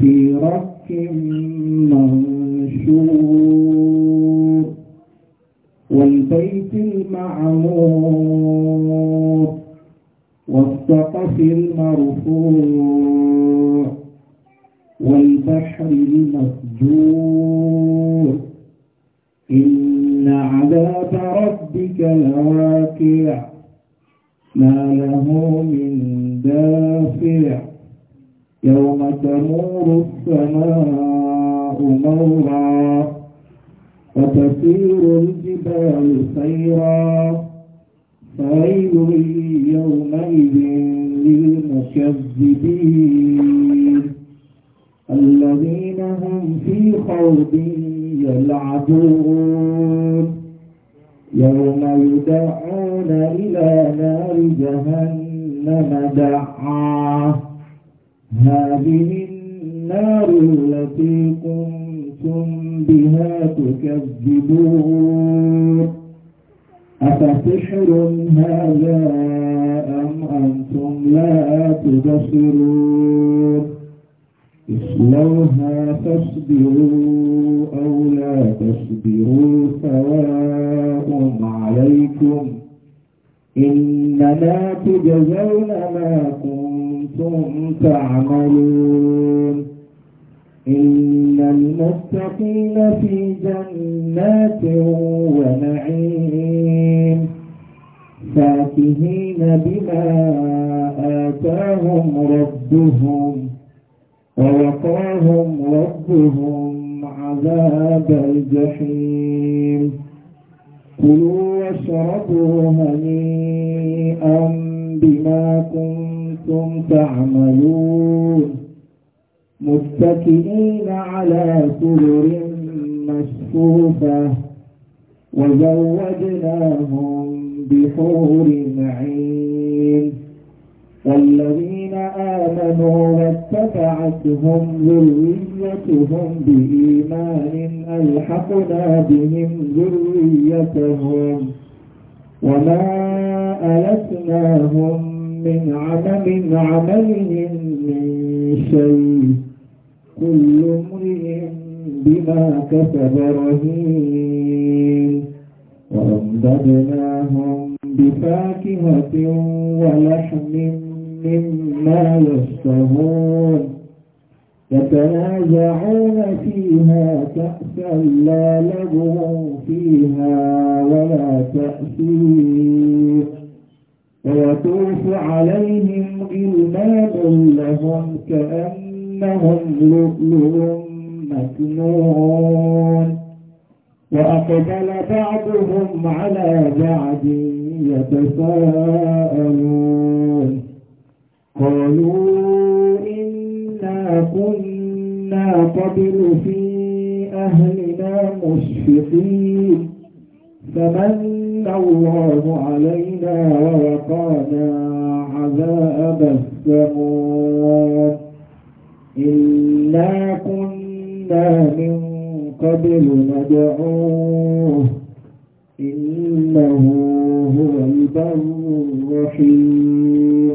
في رك منشور والبيت المعمور والسقف المرفوع خيرا عليه كل امرئ بما كسب رهين وأمددناهم بفاكهة ولحم مما يشتهون يتنازعون فيها كأسا لا لغو فيها ولا تأثير ويطوف عليهم غلمان لهم كأنهم لؤلؤ مكنون وأقبل بعضهم على بعض يتساءلون قالوا إنا كنا قبل في أهلنا مشفقين فمن الله علينا ووقانا عذاب السموم إنا كنا من قبل ندعوه إنه هو البر الرحيم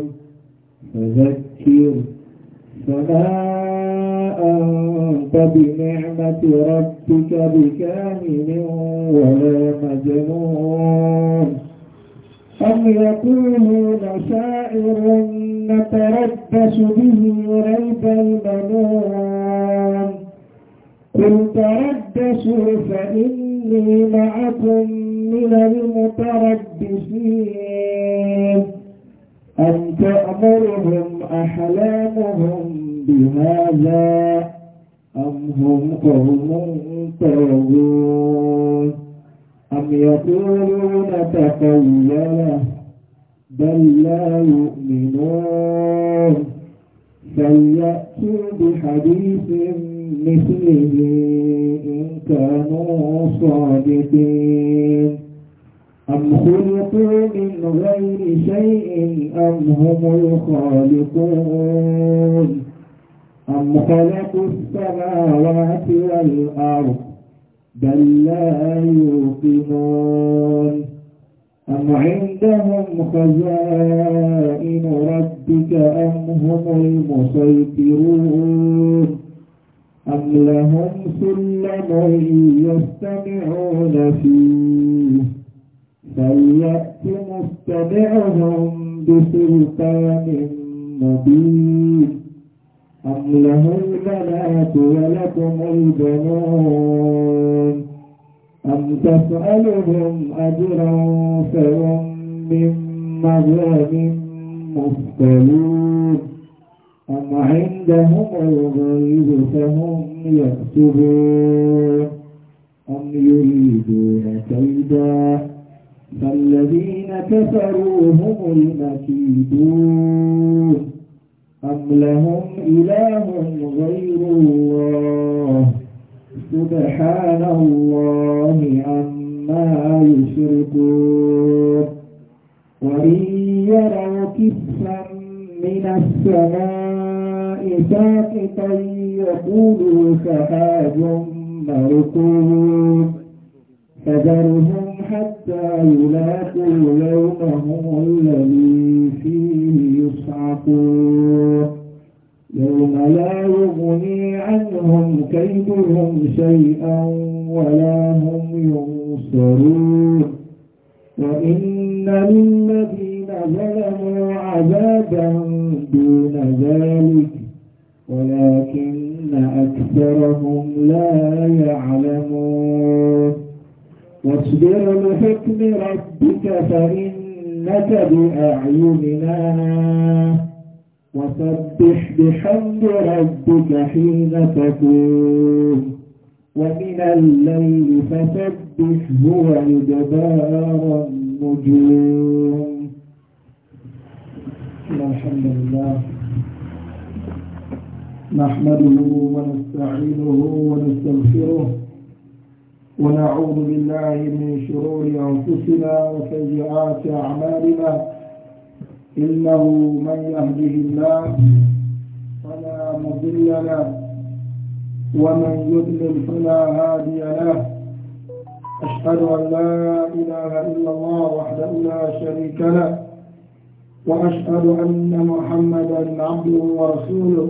فذكر فما أن فبنعمة ربك بكامل ولا مجنون أم يقولون شاعر نتربص به ريب المنون قل تربصوا فإني معكم من المتربصين أم تأمرهم أحلامهم بهذا أم هم قوم طاغون أم يقولون تقوله بل لا يؤمنون فليأتوا بحديث مثله إن كانوا صادقين أم خلقوا من غير شيء أم هم الخالقون أم خلقوا السماوات والأرض بل لا يوقنون أم عندهم خزائن ربك أم هم المسيطرون أم لهم سلم يستمعون فيه فليأت مستمعهم بسلطان مبين أم له البنات ولكم البنون أم تسألهم أجرا فهم من مغرم مفتلون أم عندهم الغيب فهم يكتبون أم يريدون كيدا فالذين كفروا هم المكيدون أم لهم إله غير الله سبحان الله عما يشركون وإن يروا كفا من السماء ساقطا يقولوا سحاب مركوب فذرهم حتى يلاقوا يومهم الذي فيه يصعقون يوم لا يغني عنهم كيدهم شيئا ولا هم ينصرون وإن للذين ظلموا عذابا دون ذلك ولكن أكثرهم لا يعلمون واصبر لحكم ربك فإنك بأعيننا وسبح بحمد ربك حين تكون ومن الليل فسبحه وإدبار النجوم الحمد لله نحمده ونستعينه ونستغفره ونعوذ بالله من شرور أنفسنا وسيئات أعمالنا إنه من يهده الله فلا مضل له ومن يضلل فلا هادي له أشهد أن لا إله إلا الله وحده لا شريك له وأشهد أن محمدا عبده ورسوله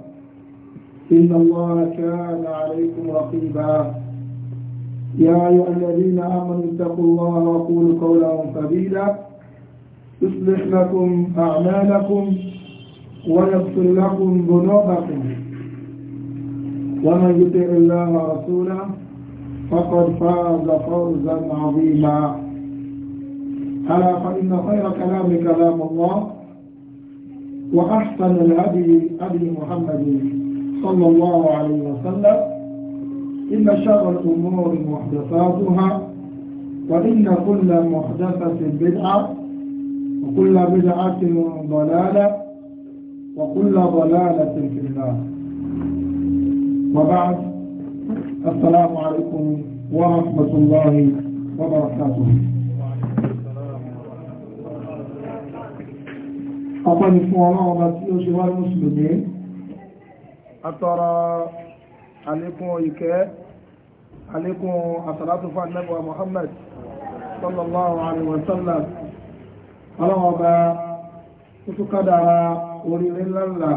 إن الله كان عليكم رقيبا يا أيها الذين آمنوا اتقوا الله وقولوا قولا سديدا يصلح لكم أعمالكم ويغفر لكم ذنوبكم ومن يطع الله ورسوله فقد فاز فوزا عظيما ألا فإن خير كلام كلام الله وأحسن الهدي أبي محمد صلى الله عليه وسلم إن شر الأمور محدثاتها وإن كل محدثة بدعة وكل بدعة ضلالة وكل ضلالة في النار وبعد السلام عليكم ورحمة الله وبركاته أقول لكم الله وبركاته atọ́rọ àlékún ìkẹ́ àlékún àsàlátúfà nẹ́bọ̀ Muhammad sallallahu alaihi wa sallam ọlọ́wọ́ba tútúkádàra orílẹ̀ ńláńlá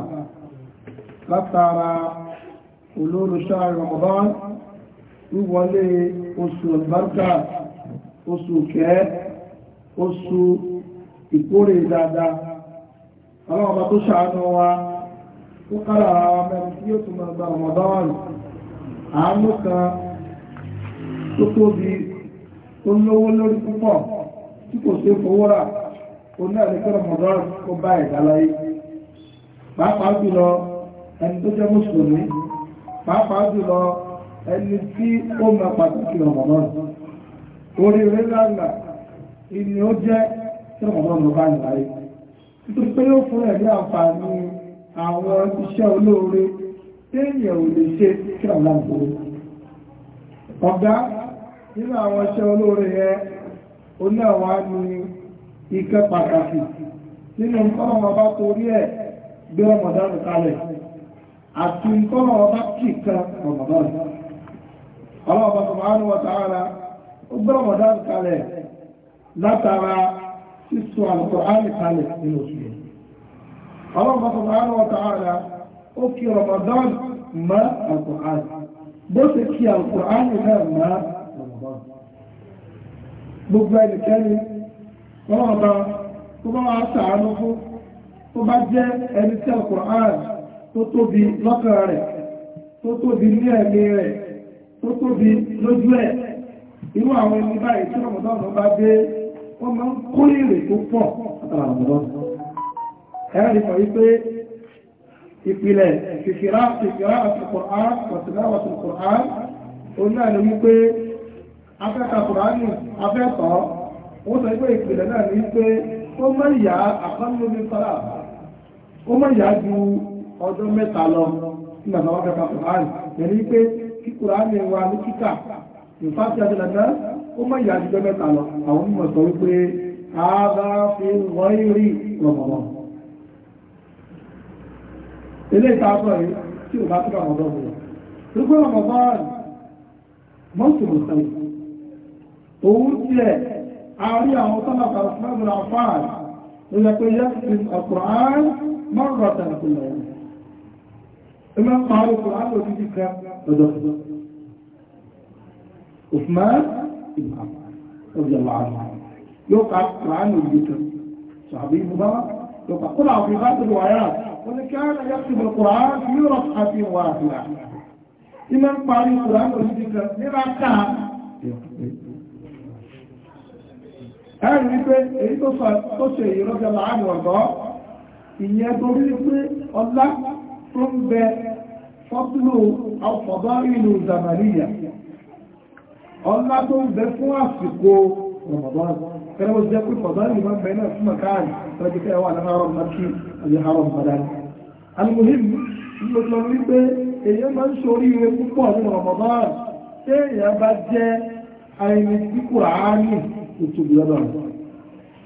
látara olóòrùsá Ramadan wíwọlé oṣù albarka oṣù kẹ́ oṣù ìkórè dáadáa ọlọ́wọ́ba tó ṣàánú wa ó kára mẹ́rin tí ó tún gbà Ramadan àánú kan tó tóbi tó lówó lórí púpọ̀ tí kò ṣe fowó rà ó náà lè kẹ́rọ Ramadan kó bá ẹ̀dá láyé pàápàá jùlọ ẹni tó jẹ́ mùsùlùmí pàápàá jùlọ ẹni tí ó mọ pàtàkì Ramadan oríire lánàá ìní ó jẹ́ tí Ramadan ló bá ń nítorí pé ó fún ẹ̀mí àǹfààní àwọn iṣẹ́ olóore téèyàn ò lè ṣe kí ọ̀làbòrò ọ̀gá nínú àwọn iṣẹ́ olóore yẹ onáwà ní ikẹ́ pàtàkì nínú nǹkan ọba torí ẹ̀ gbé ọmọdánù kalẹ̀ àti nǹkan ọba kìkan ọmọdánù ọlọ́ọ̀bá subhanahu wa ta'ala ó gbé ọmọdánù kalẹ̀ látara sísọ Al-Qur'an nínú òṣèlú ọlọ́pàá subhanahu wa ta'ala ó kí Ramadan ma Al-Qur'an bó ṣe kí Al-Qur'an ọrụ mọ́ Ramadan gbogbo ẹnikẹ́ni ọlọ́ọ̀bá tó bá wá sàánú fún tó bá jẹ́ ẹni tí Al-Qur'an tó tóbi lọ́kàn rẹ̀ tó tóbi ní ẹ̀mí rẹ̀ tó tóbi lójú ẹ̀ àwọn ẹni báyìí tí Ramadan bá wọ́n máa ń ẹ̀rì kan wípé ìpìlẹ̀ ìfìfìrá ìfìfìrá àtìkùrán pọ̀tìláwà tìkùrán ó náà ni wípé afẹ́ta kùránì afẹ́tọ̀ ó sọ wípé ìpìlẹ̀ náà ni wípé ó mọ̀ ìyá àkọ́nlómi sọ́lá ó mọ̀ ìyá ju ọjọ́ mẹ́ta lọ nígbà tó wọ́n fẹ́ta kùránì yẹ̀ni wípé kí kùránì wa ní kíkà ìfásitì àtìlẹ́gbẹ́ ó mọ̀ ìyá ju ọjọ́ mẹ́ta lọ àwọn mímọ̀ sọ wípé ààbá fi wọ́n rí rọ̀mọ̀mọ̀ ilé ìtaàbọ̀ rí tí ò bá tí ọmọdọ́ wọ́n rúgbọ́n ọmọdọ́ mọ́sùn mọ́sùn òun tí ẹ̀ àárí àwọn tọ́lọ̀kà ọ̀sán yóò ka kùnrin ló dídí kan yóò ka kúrò àwọn ìbá oníkẹ́rẹ́ yẹ́kùnbọ̀ kùrán yúrọ̀ àti ìwà àdúrà iná ń parí kùrán òṣìṣẹ́ kan nígbà káà ẹ̀rù wípé èyí tó sọ tó ṣe ìrọ́jọ láàrin ọ̀dọ́ ìyẹn tó rí pé ọlá tó ń bẹ fọ́túlò ọ̀fọ̀dọ́ ìlú zamariya ọlá tó ń bẹ fún àsìkò rọ̀mọ̀dọ́rọ̀ kẹ́lẹ́ wọ́n jẹ́ pé fọ̀dánì máa bẹ̀rẹ̀ náà fún makáàlì lọ́jọ́ kẹ́ wà náà haram maki àbí haram madani alimuhim ló lọ rí pé èyí máa ń sori ire púpọ̀ nínú Ramadan ṣé èèyàn bá jẹ́ àìní tí Kùránì òtòbí lọ́dọ̀ rẹ̀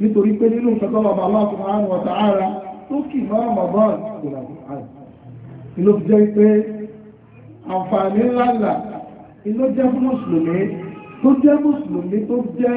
nítorí pé nínú nǹkan tó lọ́ba Allah subhanahu wa ta'ala tó kì máa Ramadan kò rà Kùránì ìlú jẹ́ pé àǹfààní ńláńlá ìlú jẹ́ fún mùsùlùmí tó jẹ́ mùsùlùmí tó jẹ́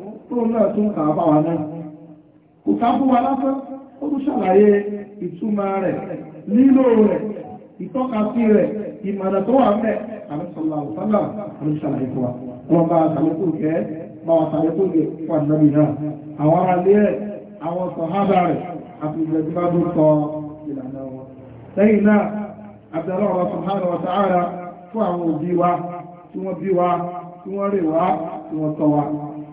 tóun náà tún kà á bá wa náà kò ká fún wa lásán ó tún ṣàlàyé ìtumọ̀ rẹ̀ lílò rẹ̀ ìtọ́kasí rẹ̀ ìmọ̀nà tó wà mẹ́ àmìsọ̀lá òsánà àmìsọ̀lá ìfọ̀wà wọn bá àtàlẹ́kù kẹ́ bá wọn àtàlẹ́kù kẹ́ fún àdínábì náà àwọn ará lé rẹ̀ àwọn sọ̀hábà rẹ̀ àti ìgbẹ̀gbẹ̀gbẹ̀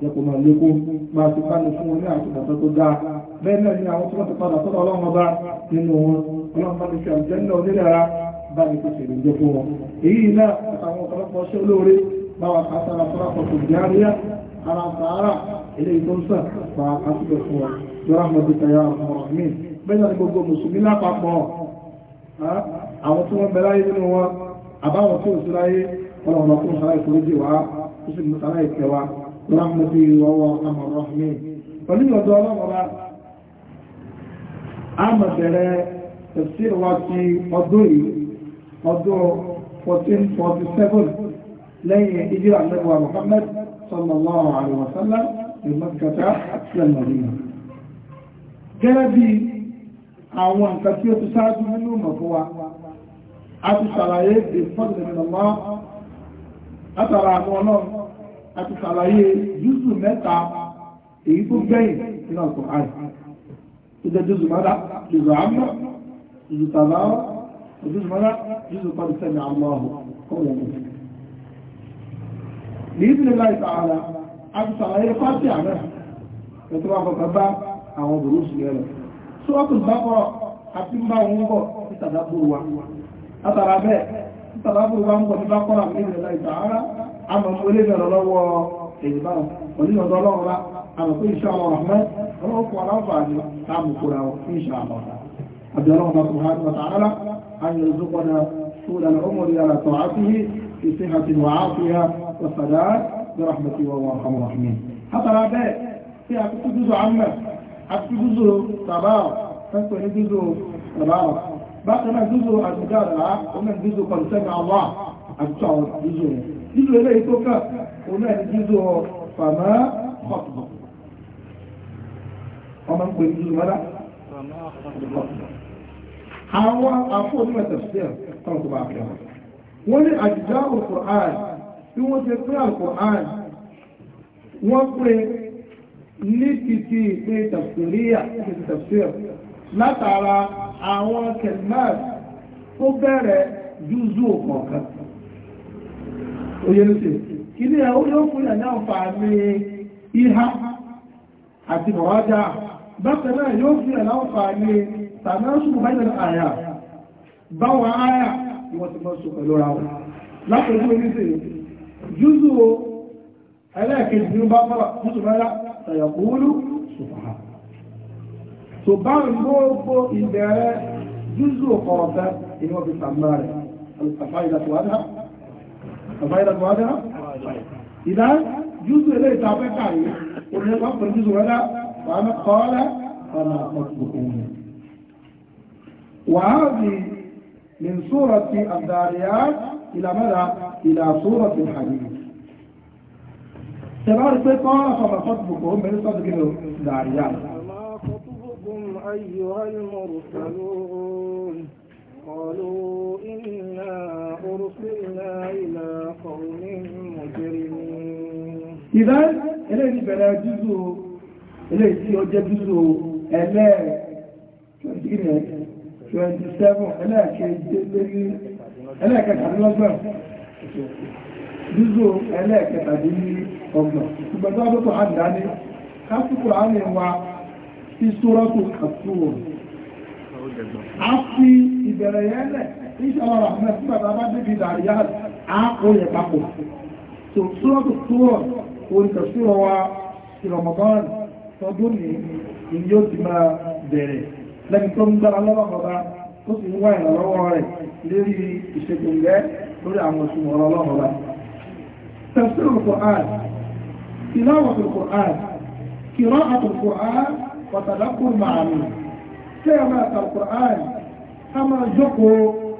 jẹ́kọ̀ máa lékó máa ti bá ní fún wọn ní àtìgbàtọ́ tó dáa bẹ́ẹ̀ náà ni àwọn tí wọ́n ti padà sọ́dọ̀ ọlọ́run ọba nínú wọn ọlọ́run bá ti fi àjẹ́ náà onílára bá ní kò sì lè jẹ́ fún wọn èyí náà àwọn ọ̀pọ̀lọpọ̀ ṣé olóore báwa ká sára sọ́ra pọ̀tò ìdíáríyá ara sàárà ilé ìtọ́nsà pa àtúbọ̀ fún wọn lọ́rọ̀ àwọn ọdún tayà ọ̀rọ̀ mi bẹ́ẹ̀ náà ni gbogbo mùsùlùmí lápapọ̀ àwọn tí wọ́n bẹ láyé nínú wọn àbáwọn tí ò sí láyé ọlọ́run ọkùnrin sàrà ìforíjì wá ó ráhùnmọ́tí ìwọ̀wọ̀ àmọ̀rọ̀hìn pẹ̀lú ìyọ̀dọ̀ ọlọ́wọ́lá a mọ̀ bẹ̀rẹ̀ tẹ̀síwá ti ọdún yìí ọdún 1447 lẹ́yìn ìjírà lẹ́wà Muhammad sallallahu alaihi wasallam ìmọ̀kàtà àti ẹ̀mọ̀rìnà gẹ́gẹ́ bí àwọn nǹkan tí ó ti sáájú nínú mọ̀kọ́ wa a ti ṣàlàyé ìfọ́dìdìmọ̀lá látara àwọn ọlọ́run àti sàlàyé jùsù mẹ́ta èyí tó gbẹ̀yìn nínú ọ̀pọ̀ àì tó jẹ́ jùsù mọ́dá jùsù àmọ́ jùsù tàbáwọ́ jùsù mọ́dá jùsù pàdé sẹ́mi àmọ́ ọ̀hún بإذن الله تعالى عبد صلاحية فاتحة منها يتوافق بابا أو دروس غيره سورة البقرة حتم باهم في تدبر واحد أترى به تدبر واحد في البقرة بإذن الله تعالى àmọ̀ onígbẹ̀rẹ̀ lọ́wọ́ ìgbàn onígbẹ̀rẹ̀ lọ́wọ́ rá àmọ̀ pé iṣẹ́ àwọn ọ̀rọ̀ ọlọ́pọ̀ aláfààní táàmùkúra iṣẹ́ àwọn ọ̀rọ̀ àbẹ̀rẹ̀ ọmọ sùhánù wàtàhálà ayọ̀ ìzúkọ̀dà طول العمر على طاعته في صحة وعافية وسداد برحمته وهو أرحم الراحمين حتى لا بأس في أكتب جزء عمة أكتب جزء تبارك تكتب جزء تبارك بعد ما جزء المجادلة ومن جزء قد سمع الله أكتب جزء nínú eré ìtókà òun náà ní jízo fàmà ọ̀tọ̀ ọmọ ń pè jízo mọ́lá àwọn afọ́ onímọ̀ tẹ̀síẹ̀ tán tó bá fi hàn wọ́n ní àjíjá al-Qur'an bí wọ́n ṣe pé al-Qur'an wọ́n pè ní títí ìpè tafsiriya títí tafsir látara àwọn kẹlmẹ́ẹ̀sì tó bẹ̀rẹ̀ júzù kọ̀ọ̀kan oyelúṣe ilé ẹ̀họ́ yóò fún ìyàn náà fà ní ìhá àti mọ̀wádá bákanáà yóò fún ìyàn náà fà ní tàbíọ́sùn báyìí àyà báwọn àyà wọ́n ti mọ́sùn pẹ̀lú ra wọn lápẹ̀lú oníṣẹ́ júzù ẹlẹ́ẹ̀kejì ní bá bá mọ́sùnmọ́lá tàyàkúrú sùfàá tó bá gbogbo ìbẹ̀rẹ̀ júzù ọ̀kọ̀ọ̀fẹ́ ìwọ̀n fi sàmà rẹ̀ alùpàfà ìdàtọ̀wádà غير الواضحة إذا جزء إليه تابع كاري والنقاط بالجزء هذا فأنا قال فما تطبقون وهذه من سورة الداريات إلى ماذا؟ إلى سورة الحديد تبارك قال فما خطبكم من صدق الداريات فما خطبكم أيها المرسلون قالوا إنا أرسلنا إلى قوم مجرمين إذا إليه بلا جزء إليه يوجد جزء ألا 27 ألا كيجد ألا كتحمل الله jùzò ẹlẹ́ẹ̀kẹtàdé ní ọgbọ̀n ìgbẹ̀gbẹ̀ ọdún tó hàn dání káàkùkù àárín wa sí a fi ìbẹ̀rẹ̀ yẹn lẹ̀ ìṣọ̀rọ̀ ràmẹ́ fún bàbá bá débi dàríyà á kó yẹ papọ̀ tó túrọ́tù túrọ̀ olùtẹ̀síwọ̀ wa ìrọ̀mọ̀bọ́n tọdún ní ìyí ó ti máa bẹ̀rẹ̀ lẹ́ni tó ń gbára lọ́wọ́ tó sì ń wá ìrànlọ́wọ́ rẹ̀ lérí ìṣègùnlẹ́ lórí àwọn òṣùn ọ̀rọ̀ kí a máa ta Qur'an a máa jókòó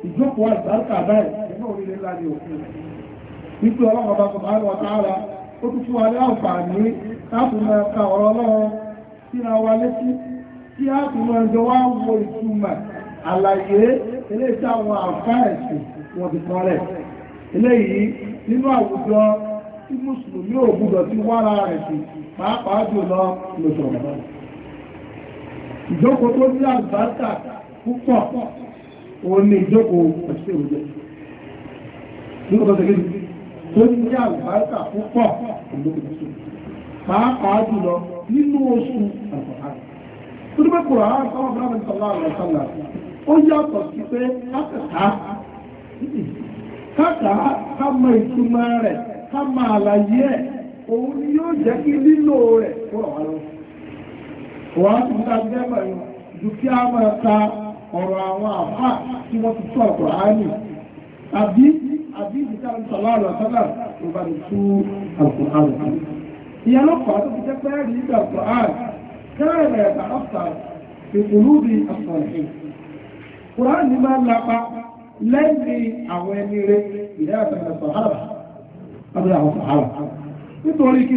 ìjókòó àgbàrúkà báyìí nínú orílẹ̀ ńlá ni òfin nítorí ọlọ́run bá sọ̀rọ̀ àwọn ọ̀tàrà ó tún fún wa ní àǹfààní láti máa ka ọ̀rọ̀ ọlọ́run síra wa létí tí a tún máa jọ wá wo ìtumọ̀ àlàyé eléyìí tí àwọn àǹfààní wọn ti kọ́ rẹ̀ eléyìí nínú àwùjọ tí mùsùlùmí ò gbúdọ̀ ti wára rẹ̀ sí pàápàá jùlọ lóṣù ọ̀gbọ̀n ìjókòó tó ní àgbàtà púpọ̀ òun ni ìjókòó àti òjò nígbà tó tẹ̀lé tó ní àgbàtà púpọ̀ òjò pàápàá jùlọ nínú oṣù àgbàtà tó ní pé kòrò àwọn àwọn ọmọ ọmọ ìsọlá àwọn ìsọlá ó yàtọ̀ sí pé kákàtà kákà ká àlàyé ẹ̀ òun ni yóò jẹ́ kí lílò rẹ̀ kúrò wá lọ́wọ́ wọ́n tún tàbí ẹgbẹ̀ yìí ju kí a máa ta ọ̀rọ̀ àwọn àfá tí wọ́n ti tó ọ̀pọ̀ àánì àbí àbí ìdíkàrí sọ̀lọ́rọ̀ sọ́lá ló bá lè tú ọ̀pọ̀ àánì ìyẹn lọ́pàá tó lapa lẹ́yìn àwọn ẹni rẹ̀ ìdá àtàkùn sọ̀hárà àbí àwọn sọ̀hárà nítorí kí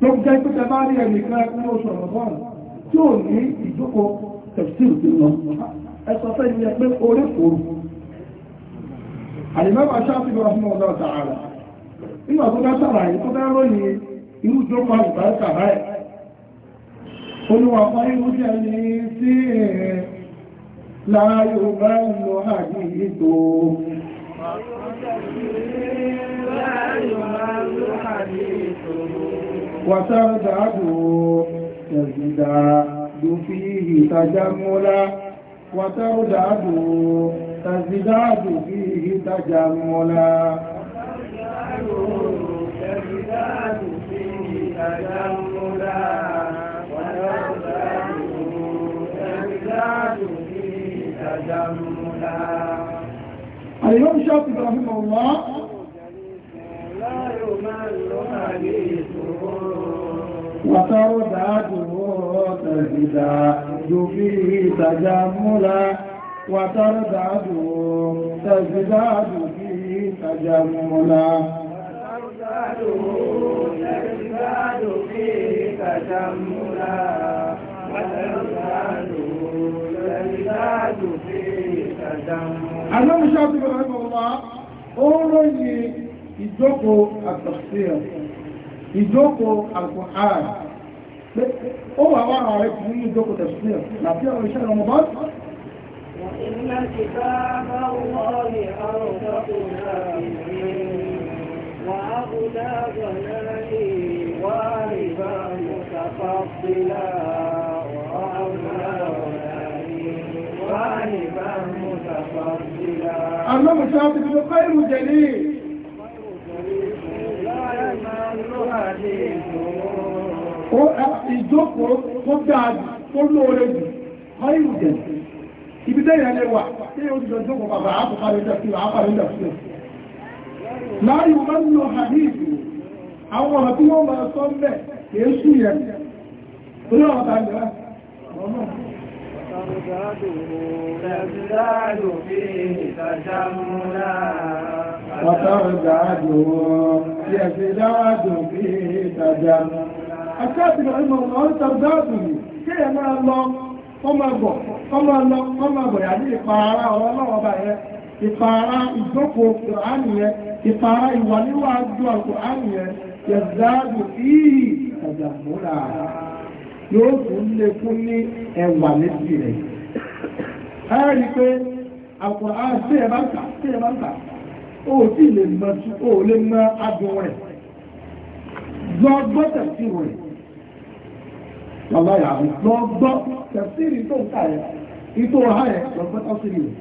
tó jẹ́ pé tẹ bá rí ẹnìkan ẹkùn oṣù ọ̀rọ̀bọ̀n tí ò ní ìjókòó tẹ̀síl tí lọ ẹsọ fẹ́ ni ẹ pé orí kòrò àlìmọ́wà ṣáàfì lọ fún ọ̀dọ́ tààrà nígbà tó bá ṣàlàyé tó bá ròyìn irú jókòó àlùbáríkà báyẹ̀ olùwà fún irú jẹ́ ní sí láàyò bá ń lọ àdí ètò láàyò bá ń lọ àdí ètò وتزداد تزداد فيه تجملا وتزداد تزداد فيه تجملا تزداد فيه تجملا اليوم شاطب رحمه الله لا يمل حديثه وتردعته تزدا يفيه تجملا وتردعته تزداد فيه تجملا تزداد فيه تجملا Àwọn ìṣàtìwò ẹgbẹ̀rún wa, ó ròyìn ìjókòó àtàkìsí ẹ̀ ìjókòó alkohol pé ó wà wá àwọn rẹ̀ fún ìjókòó tẹ̀sílẹ̀ láti àwọn iṣẹ́ ọmọ bá Àwọn ọmọ ìṣẹ́ àti ìjọ kọ́ ìrùjẹ̀ ní ó ìjókòó tó dáa tó lóore jù ọ̀rẹ́ ìjẹ̀ ibi tẹ́yẹ̀ wà tí ó jọ jókòó bàbá àpòkàrí ìjọsí àpàrí ìjọsí láàrín wọn lọ hadith àwọn ọ̀rọ̀ tí wọ́n máa sọ mẹ́ kìí sú yẹn torí ọ̀rọ̀ ta ìjọba ọmọ Wàtàrùn-ún yẹ̀ sí dáadùn bí ìtajà mú akẹ́kọ̀ọ́ ìmọ̀ ọ̀rọ̀ tàbí kéèyàn máa lọ ọmọ ẹgbọ̀ ọmọ ẹlọ ọmọ ẹgbọ̀ yà ní ìpààrà ọ̀rọ̀ ọlọ́wọ́ bá yẹ ìpààrà ìjókòó kùránì yẹ ìpààrà ìwà níwà àjọ kùránì yẹ yẹ̀záàdù ìyí ìtàjàmúra yóò tún lè fún ní ẹwà létí rẹ̀ ẹ rí pé àkùránì tí ẹ bá ń kà tí ẹ bá ń kà ó sì lè mọ adùn rẹ̀ lọ gbọ́tẹ̀ sí rẹ̀ Bàbá ìyàwó lọ gbọ́ tẹ̀síìrì tó ń kà ẹ̀, ìtò ọ̀há ẹ̀ lọ gbọ́ tẹ̀síìrì rẹ̀.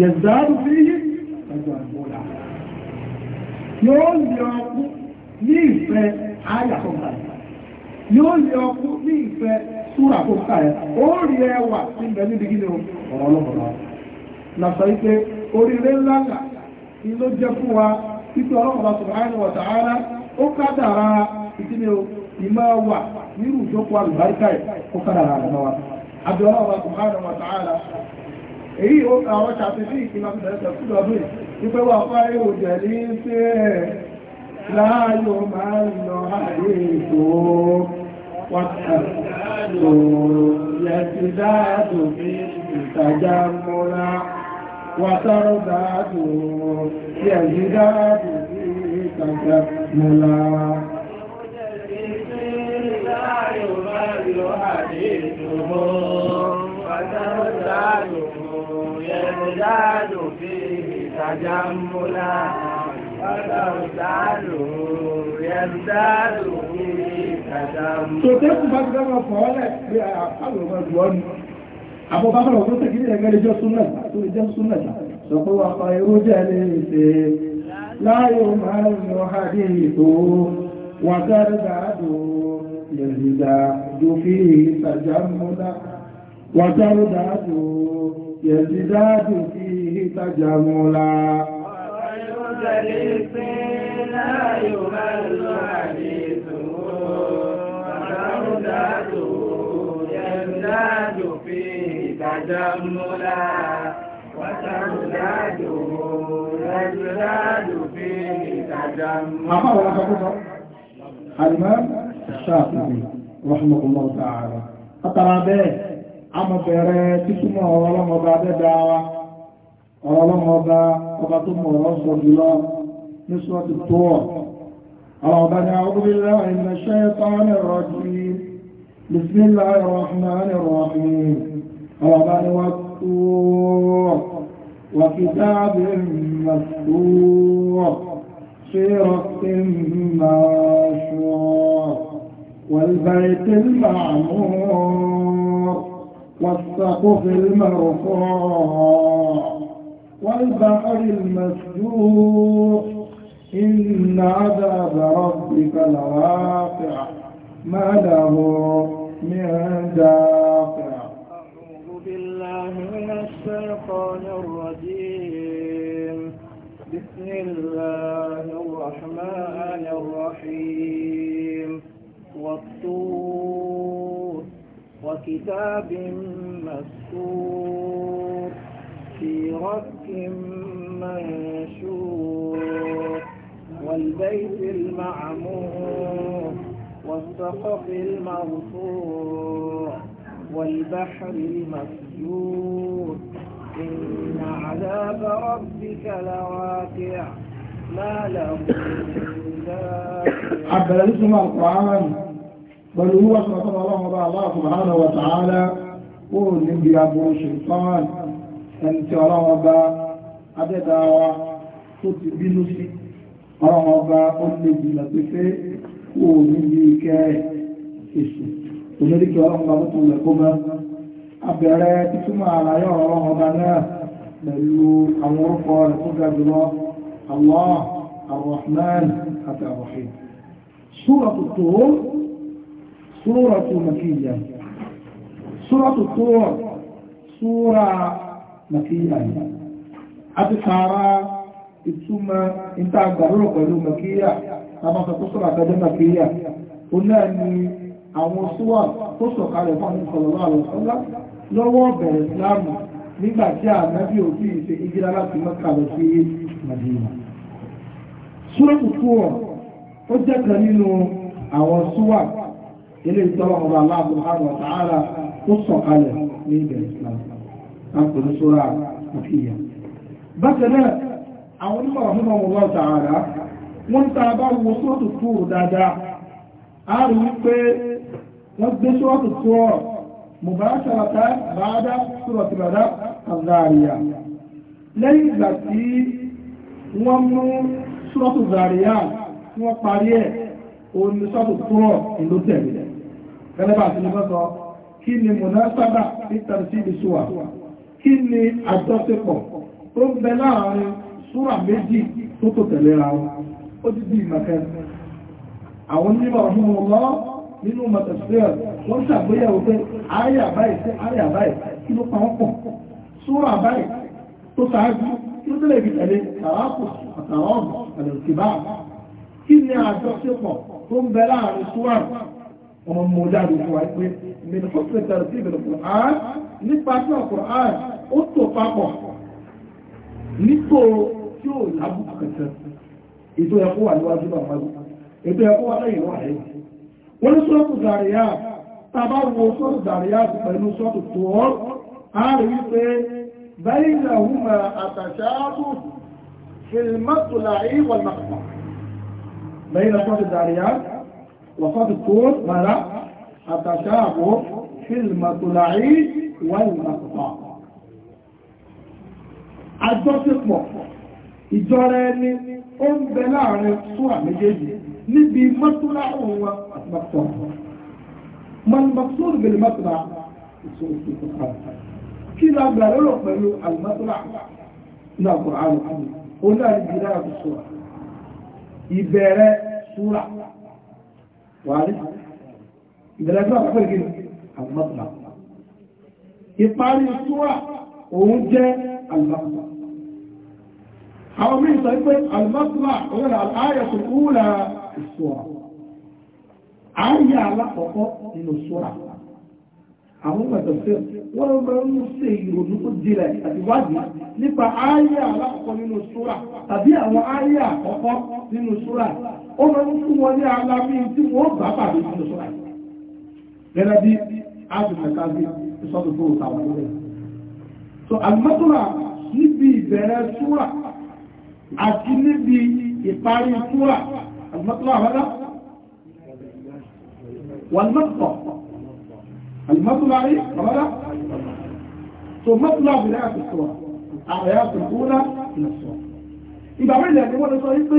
Yẹ̀zdáàrù fi yí ẹjọ́ àgbọ́lá. Yóò lè ọkú ní ìfẹ́ àyà tó ń kà ẹ̀. Yóò lè ọkú ní ìfẹ́ súrà tó ń kà ẹ̀. Ó rí ẹwà sí ibẹ̀ níbi gíní nírú ìjókòó àlùbáríkà ẹ̀ kó kára rà lọ́wọ́ abdullahi ọba buhari wa ta'ala èyí àwọn ṣàfihàn ìkìlọ̀ ìfẹsẹ̀ fúdọ̀ bí wípé wà fáyé òjẹ̀ ní sí ẹ̀ láàyò máa ń lọ àyè ètò pàtàkì يحدثه فتزداده يزداد فيه تجملا فتزداده يزداد فيه تجملا Tòtẹ́kù bá gbé ọmọ fọ́ ọ́lẹ̀ pé àpàlọ́mọ ìwọ́nu. Àbọ̀bábọ̀ ọ̀gbọ́n tẹ̀kí ní ẹgbẹ́ ìjọ súnmọ̀ tó ìjọ súnmọ̀ sọ pé wà pa irú jẹ́ ní ìṣe láyé máa ń lọ hàdí ìtò wà sáré dáadò lè rí dáa. العبد فيه تجمدا وتودد يزداد فيه تجملا وخير جليس لا يمل حديثه وتودد يزداد فيه تجملا وتودد يزداد فيه تجملا أما ولا خبر الإمام الشافعي رحمه الله تعالى أترى به عم بيريت ثم هو لما بعد دعوة هو لما بعد وبطم رسول الله نسوة الطور ربنا أعوذ بالله من الشيطان الرجيم بسم الله الرحمن الرحيم ربنا والطور وكتاب مسطور في رق مشروع والبيت المعمور والسقف المرفوع والبحر المسجور إن عذاب ربك لواقع ما له من دافع أعوذ بالله من الشيطان الرجيم بسم الله الرحمن الرحيم والطور وكتاب مسكور في رك منشور والبيت المعمور والسقف المرفوع والبحر المسجور إن عذاب ربك لواقع ما له دافع عبر القرآن بل هو سبحان الله بها الله سبحانه وتعالى قول نبي أبو الشيطان أنت الله بها هذا دعوة قلت بنسي الله بها قل نبي لطفي قول كاي اسم ونريك الله بها بطل لكم ثم على يرى الله بنا بل أمرك الله الرحمن الرحيم سورة الطول سورة مكية سورة الطور سورة مكية أتسارى ìtumọ̀ ìta àgbàrúrò pẹ̀lú mọ̀kíyà tàbátà tó sọ̀rọ̀ àgbàjẹ́ mọ̀kíyà ó náà ni àwọn súwà tó sọ̀kalẹ̀ fún àwọn ìsọ̀lọ́wọ́ àlọ́sọ́lá lọ́wọ́ bẹ̀rẹ̀ ìsìláàmù nígbà tí ànábì òbí ìṣe ìjírá láti Mẹ́kà lọ sí àwọn súwà ilé ìtọ́wọ́ ọba aláàbò àwọn tààrà ó sọ̀kalẹ̀ ní ilẹ̀ islam láti ní sóra àfihàn bákan náà àwọn onímọ̀ ọ̀húnmọ̀ ọba tààrà wọ́n ta bá wo sọ́ọ̀tù tóòrò dáadáa a rí wípé wọ́n gbé sọ́ọ̀tù tóòrò mùbáṣàlátà bàádá sọ́ọ̀tù bàdá àzáríyà lẹ́yìn ìgbà tí wọ́n mú sọ́ọ̀tù zàríyà wọ́n parí ẹ̀ òun ni sọ́ọ̀tù tóòrò ìlú tẹ̀lé gẹ́lẹ́bà tí wọ́n sọ kí ni mùnásábà peter c bisuwa kí ni àjọṣepọ̀ tó ń bẹ láàrin súrà méjì tó tó tẹ̀léra wọn ó ti di ìmọ̀kẹ́ àwọn onímọ̀ ọ̀hún lọ nínú mọ̀tẹ̀síẹ̀ wọ́n ṣàgbéyẹ̀wò pé àyà báyìí sí àyà báyìí kí ló tó ń bẹ láàrin súrà ọmọ mọ jáde fún wa pé mẹ́rin fọ́sílẹ̀ tẹ̀rẹ̀ sí ìbẹ̀rẹ̀ fún àán nípa tí ọ̀pọ̀ àán ó tò papọ̀ nítò tí ó lábùkù kẹsẹ̀ ètò ẹ̀kọ́ wà níwájú náà wájú ètò ẹ̀kọ́ wà lẹ́yìn wà lẹ́yìn wọ́n ní sọ́ọ̀tù zàríyà tàbá wo sọ́ọ̀tù zàríyà pẹ̀lú sọ́ọ̀tù tó ọ́ á rí wípé báyìí nà وفتكون ماذا التشابه في المطلعي والمقطع àjọṣepọ̀ ìjọra ẹni ó ń bẹ láàrin súrà méjèèjì níbi mọ́túlá òun wa àti mọ́túlá mọ́túlá bẹ̀rẹ̀ mọ́túlá ìṣòro ìṣòro kí la gbà lọ́rọ̀ pẹ̀lú àlùmọ́túlá náà kò àlùmọ́túlá ó náà ìbẹ̀rẹ̀ súrà wàhálì ìdàlágbà àkọ́kọ́ ìgbé àlùmọ́tòlá ìparí súrà òun jẹ́ àlùmọ́tòlá àwọn mí sọ pé àlùmọ́tòlá òun àyà tó kú là ìṣúra àyà alákọ̀ọ́kọ́ nínú súrà àwọn mẹ́tọ̀ sí wọ́n máa ń ṣe ìrònú tó jìnlẹ̀ àtiwádìí nípa àyà alákọ̀ọ́kọ́ nínú súrà tàbí àwọn àyà àkọ́kọ́ nínú súrà ó máa ń fún wọn ní alábí tí wọ́n bá pàdé nínú sọ́ra gẹ́gẹ́ bí ágbẹ̀mẹ̀ká bí ìsọ́dọ̀gbò tàwọn lórí so alimọ́tòrà níbi ìbẹ̀rẹ̀ súrà àti níbi ìparí súrà alimọ́tòrà wọ́lá wàlmọ́tò alimọ́tòrà rí wọ́lá so mọ́tòrà bìrẹ̀ àti sọ́ra àrẹ̀ àti ìgbà mẹ́rin ni wọ́n lọ sọ wípé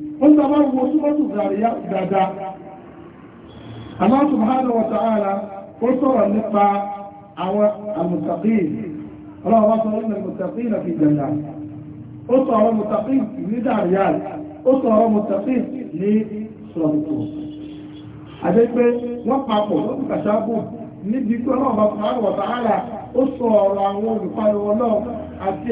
wọ́n tàbá wo súnmọ́tù dáadáa àmá subhanahu wa ta'ala ó sọ̀rọ̀ nípa àwọn àmùtàkìn ọlọ́wọ́ wá sọ̀rọ̀ ní àmùtàkìn náà fi jẹ̀yà ó sọ̀rọ̀ mùtàkìn ní dáadáa ó sọ̀rọ̀ mùtàkìn ní sọ̀rọ̀tò àti pé wọ́n papọ̀ lọ́dún kàṣáàbò níbi tí ọlọ́wọ́ subhanahu wa ta'ala ó sọ̀rọ̀ àwọn olùpariwo náà àti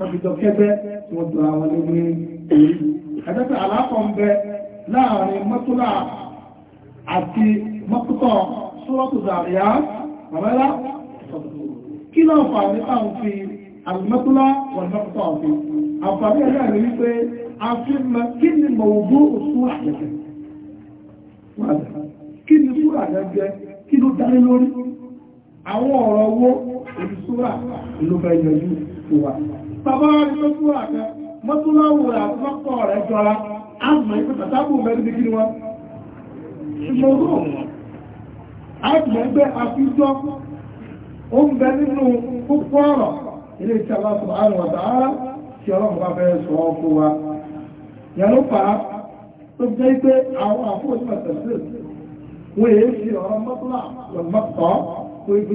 tọ́fìjọ kẹ́gbẹ́ tí wọ́n dùn àwọn ní orí ẹ̀dẹ́gbẹ́ àlàkọ̀ ń bẹ láàrin mọ́túlà àti mọ́kútọ̀ sọ́rọ́tù zàríyá bàbáyá kí náà fà nípa ń fi àlùmọ́túlà wọ̀n mọ́kútọ̀ ọ̀fin àǹfààní ẹ̀dá rẹ̀ wípé a fi mọ kí ni mọ̀wùdú òṣù àjẹjẹ kí ni sùúrù àjẹjẹ kí ló dání lórí àwọn ọ̀rọ̀ owó òṣù sùúrù ló fẹ́ yọjú fún bàbá wa ní lójú àgbà mọ́túnláwò rẹ̀ àti mọ́kọ̀ rẹ̀ jọra á mọ̀ ẹgbẹ́ tàbí mẹ́rin ní kí wọn ìmọ̀rọ̀ àgbẹ̀gbẹ́ àfijọ́ ó ń bẹ nínú púpọ̀ ọ̀rọ̀ ilé tí a bá sọ àrùn ọ̀tà ara tí ọlọ́run bá fẹ́ sọ ọ́ fún wa yẹn ló fà á tó jẹ́ pé àwọn àfọwọ́sí ọ̀tẹ̀sí wọ́n èé fi ọ̀rọ̀ mọ́túnlá lọ́mọ́tọ́ tó ibi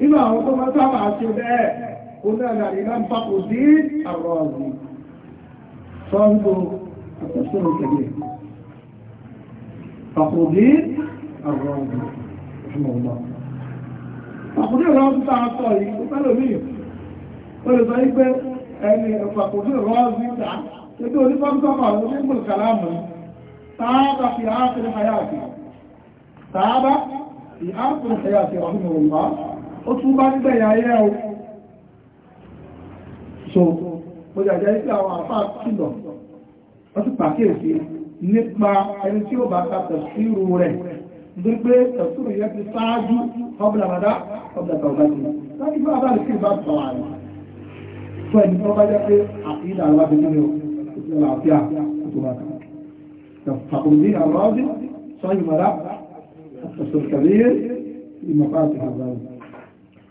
nínú àwọn tó máa sábà ṣe bẹ́ẹ̀ ó náà nàrí náà ń papò sí àwọn ọ̀sìn sọ́ńgbò àtẹ̀sọ́rọ̀ kẹ̀lé papò sí àwọn ọ̀sìn ìfúnmọ̀ ọ̀gbà. papò sí àwọn ọ̀sìn tá a sọ yìí ó fẹ́ lómi ó lè sọ yí pé ẹni papò sí àwọn ọ̀sìn tá ó tún bá nígbẹ̀yà ayé o so mo jàjá ipé àwọn àfáà kìlọ̀ wọ́n ti pàkíyèsí nípa ẹni tí ó bá ta tẹ̀síru rẹ̀ nítorí pé tẹ̀síru yẹn ti ṣáájú ọ̀bùnàmọ́dá ọ̀bùnàmọ́dá láti fún abáàlì kí n bá tọ̀ àrùn fún ẹni tó bá jẹ́ pé àfihàn àwọn abẹ́lẹ́ rẹ̀ ó ti rà àfíà ó tó bá ta fàkùnrin àwọn ọdún sọ́yìn mọ́dá àtẹ̀sọ̀kẹ̀lẹ́ ìmọ̀pá àti àgbáyé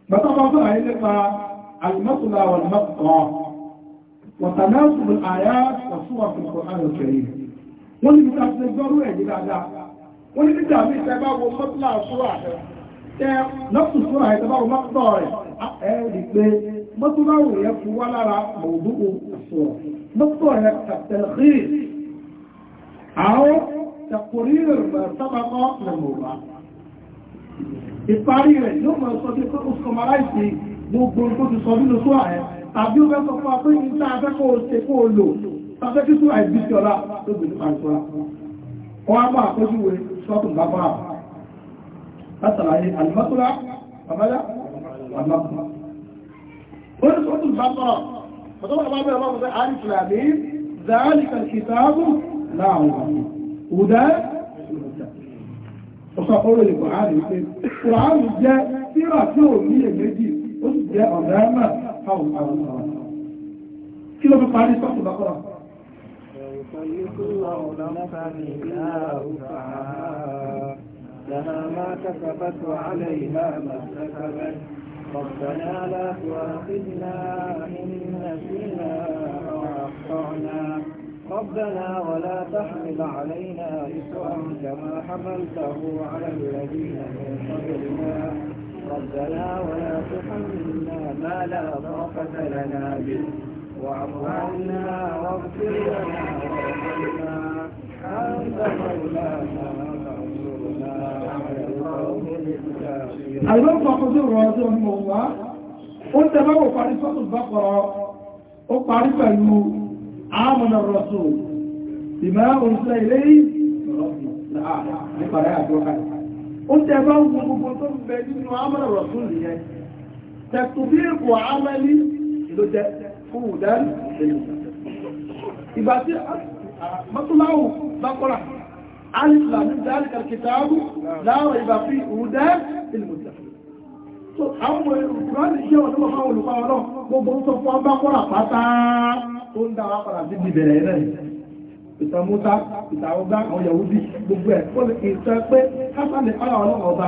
bàtà bá bá ayé nípa àlùmọ́tòlá wà lọ́pọ̀ wọ̀tàlẹ́sùn àyà wàsúwà fún Kùránì Kẹ̀rí wọ́n ní nípa ti gbọ́rú ẹ̀dí dáadáa wọ́n ní nípa mi tẹ́ bá wo mọ́tòlá súrà tẹ́ lọ́pù súrà ẹ̀ tẹ́ bá wo mọ́tòlá rẹ̀ ẹ̀ rí pé mọ́tòlá wò yẹ fún wá lára mọ̀ọ́dún òṣùwọ̀ mọ́tòlá rẹ̀ ìparí rẹ̀ yóò mọ̀ sọ pé kó sọmaráìsì gbogbo tó ti sọ nínú súwà ẹ̀ tàbí ó fẹ́ sọ fún wa pé ní tá a fẹ́ kó ṣe kó lò tàbí kí súwà ìbí sí ọlá tó gbé nípa ìṣọ́ra wọn á máa kójú wé sọ́tún ذلك الكتاب لا وده ọ̀sọ̀kọ́rọ̀ ìbò àárín pé kùránù jẹ́ síra tí ò ní èméjì ó sì jẹ́ ọ̀dá ẹ̀mà fáwọn àwọn ọ̀rọ̀ kí ló fi parí sọ́kù ربنا لا تؤاخذنا إن نسينا أو أخطأنا ربنا ولا تحمل علينا إسرا كما حملته على الذين من قبلنا ربنا ولا تحملنا ما لا طاقة لنا به واعف عنا واغفر لنا وارحمنا أنت مولانا Àìlọ́pàá kọjú ìrọ̀ ọjọ́ ọmọ wa, ó tẹ́lọ́wọ̀ parí sọ́tù bá pọ̀rọ̀, ó parí pẹ̀lú آمن الرسول بما أرسل إليه تعالى nípa rẹ̀ àjọ kalẹ̀. ó tẹ́ bá ń gbogbo tó ń bẹ nínú àmàrà rọ̀sùn nìyẹn tẹ̀tùbí èkó àmàlí ló jẹ fún ìdárí ìlú. ìgbà tí mọ́túláwù bá kọ́ra alìsìlá ní dárí kàrkìtàábù láwọn ìgbà fi ìhùdá ìlú jẹ. àwọn ìrùkúrọ̀ ní iṣẹ́ ọ̀dọ́ tó ń dá padà sí ibi ìbẹ̀rẹ̀ náà ìtàn Musa ìtàn àwọn Yahudi gbogbo ẹ̀ ó lè ìtàn pé kásánì ọ̀rọ̀ ọrụ ọba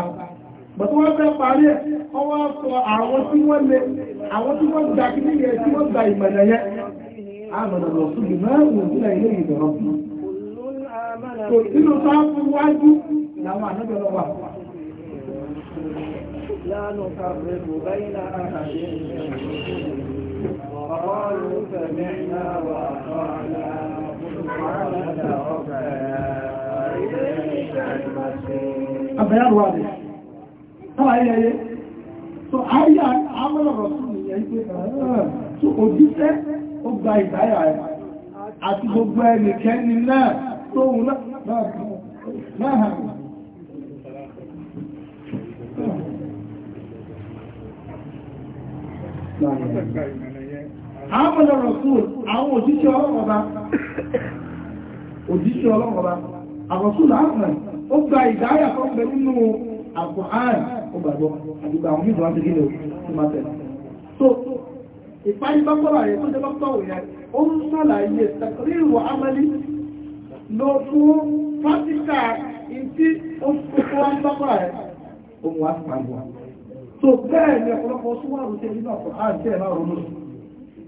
bọ̀tí wọ́n fẹ́ parí ẹ̀ ọwọ́ sọ àwọn tí wọ́n lè àwọn tí wọ́n kí tí wọ́n قالوا سمعنا وأطعنا سبحانك ربنا وإليك المصير أبيان واضح طبعا هي ايه so ayé àwọn ọ̀rọ̀ sí ìyẹn pé so òjíṣẹ́ ó gba ìdáyà ẹ̀ àti gbogbo ẹnìkẹ́ni náà tó wù náà hàn Thank àwọn ọ̀rọ̀sùn àwọn òjíṣẹ́ ọlọ́mọba òjíṣẹ́ ọlọ́mọba àrọ̀sùn láàrín ó gba ìdáyà tó ń bẹ nínú àpò ààrùn ó gbàgbọ́ àdúgbà àwọn so ìparí bákọ́lá rẹ̀ tó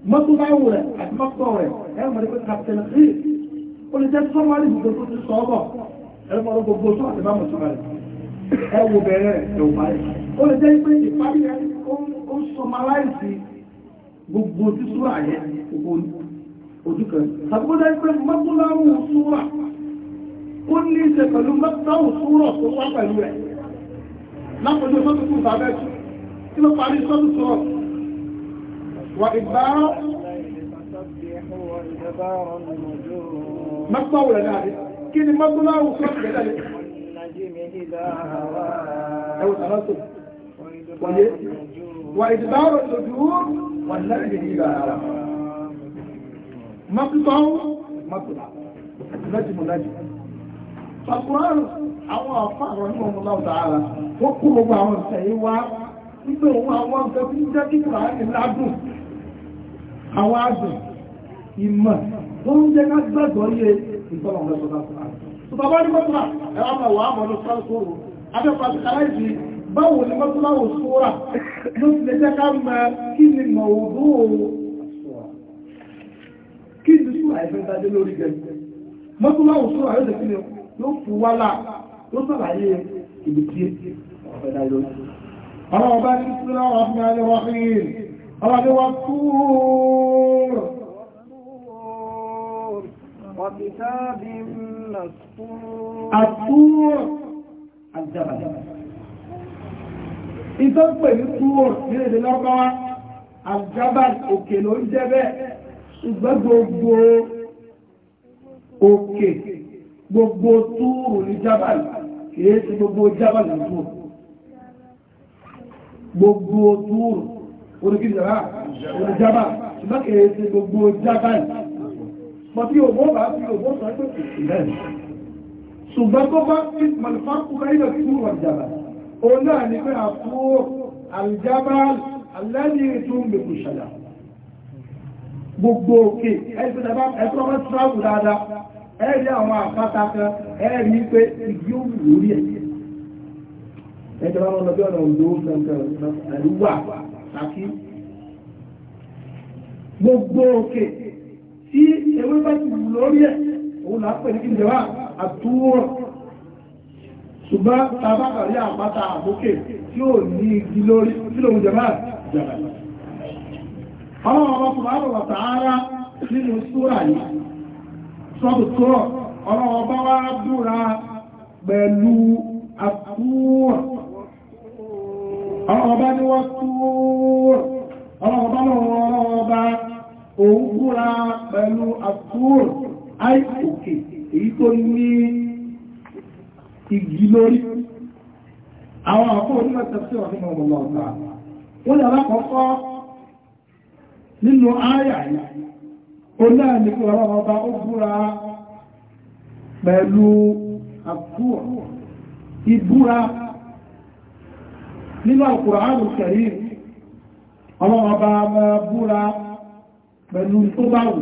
mọ́tò báwò rẹ̀ àti mọ́tò rẹ̀ ẹ̀rọ mọ̀ ní pé captain hill ó lè jẹ́ sọ́wọ́ àlè ìgbò tó ti sọ ọ́ bọ̀ ẹ̀rọ mọ̀ gbogbo tó àti bámọ̀ sọ̀rọ̀ rẹ̀ ẹ wo bẹ̀rẹ̀ rẹ̀ ẹ wò parí ó lè jẹ́ pé ìparí rẹ̀ ó sọmaláìsì gbogbo tí súrà yẹ gbogbo ojú kan tàbí ó pé mọ́tò láwù súrà ó ní í ṣe pẹ̀lú mọ́tò súrà tó wá pẹ̀lú rẹ̀ lápẹ̀lú وإدبار ما الطول هذه كن مطلع وصف ذلك والنجم إذا هوى أو ترسل وإدبار النجوم والنجم إذا هوى مقطع مطلع نجم نجم فالقرآن àwọn àfáàrọ̀ ní ọmọ láwọ̀ tààrà wọ́n kúrò gbogbo àwọn ìṣẹ̀yí wá nígbè òun àwọn ọ̀gá bí jẹ́ kíkùrà ní ládùn àwọn àgbẹ̀ ìmọ̀ tó ń jẹ́ ká gbàgbọ́ yẹ ìtọ́lọ̀ lọ́sọ̀tà tó bàbá ní mọ́tòlá ẹ̀rọ àmọ̀ wà á mọ̀ lọ́sọ̀tà sóòrò abẹ́pàá ti kàláìsì báwo ni mọ́tòlá wò sóòrà ló ti lè jẹ́ ká mọ kí ni mọ̀ òdó òwò kí ni ọlọ́dún wọ́n kúrò Ìtọ́ pè ní kúrò ní èdè lọ́kọ́wá, àjábàt òkè ló ń jẹ́ bẹ́ẹ̀, ṣùgbọ́n gbogbo òkè, gbogbo túrù ní jábàl, kìí sí gbogbo jábàl ní túrù. Gbogbo túrù orígìdàrá olùjábà ṣùgbọ́n kèrè ṣe gbogbo jábà yìí mọ̀ tí ògbó bá fi ògbó sọ pé kò sí lẹ́nu ṣùgbọ́n tó bá fi mọ̀lùfá kúrò ilẹ̀ fún ọ̀jábà òun náà ni pé àfúrò àlùjábà alẹ́ni tó ń gbèkù ṣàdá gbogbo òkè ẹ̀sùn ọmọ tíráàbù dáadáa ẹ̀rí àwọn àpáta kan ẹ̀rí pé ìgbé òwú lórí ẹ̀ ẹ̀jọba ọmọ ọlọ́bí ọ̀nà òdó kankan àríwá pàtàkì gbogbo òkè tí ewé bá ti wù lórí ẹ̀ òun là ń pè ní kí ìjọba àtúwọ̀ ṣùgbọ́n tàbá kàrí àpáta àbókè tí ó ní igi lórí tí lòun jẹ̀má jẹ̀má àwọn ọmọ ọkùnrin àwọn tààrà nínú súrà yìí sọ́tù tó ọ̀rọ̀ ọba wá dúra pẹ̀lú àtúwọ̀ àwọn ọba ní wọ́n túúrù àwọn ọba náà wọ́n ọba òun kúra pẹ̀lú àtúrù àìkòkè èyí tó ní igi lórí àwọn àpò onímọ̀ tẹ̀sí ọ̀nà ọmọ ọ̀gá wọ́n yàrá kọ́kọ́ nínú àyà ìbúra nínú Al-Qur'ān Al-Karīm ọlọ́wọ́ bá máa búra pẹ̀lú tó bá wù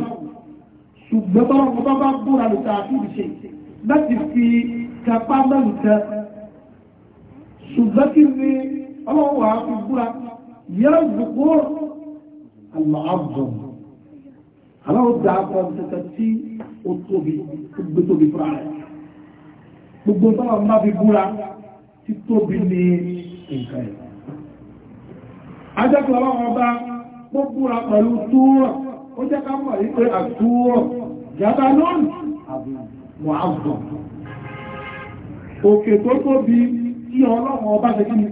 ṣùgbọ́n tọ́rọ bá bá búra lè ta àfihàn ṣe láti fi kápá mẹ́rin tẹ ṣùgbọ́n kí ni ọlọ́wọ́ wà á fi búra yẹ́rù gbogbo àlọ́ aláwọ̀ da akọ tẹ̀tẹ̀ tí ó tóbi gbé nǹkan ẹ̀ ajẹ́kùn ọlọ́run ọba gbógbúra pẹ̀lú túrọ̀ ó jẹ́ ká mọ̀ wípé àtúrọ̀ jábá lónìí mọ̀ àbọ̀ òkè tó tóbi tí ọlọ́run ọba ṣe kí ni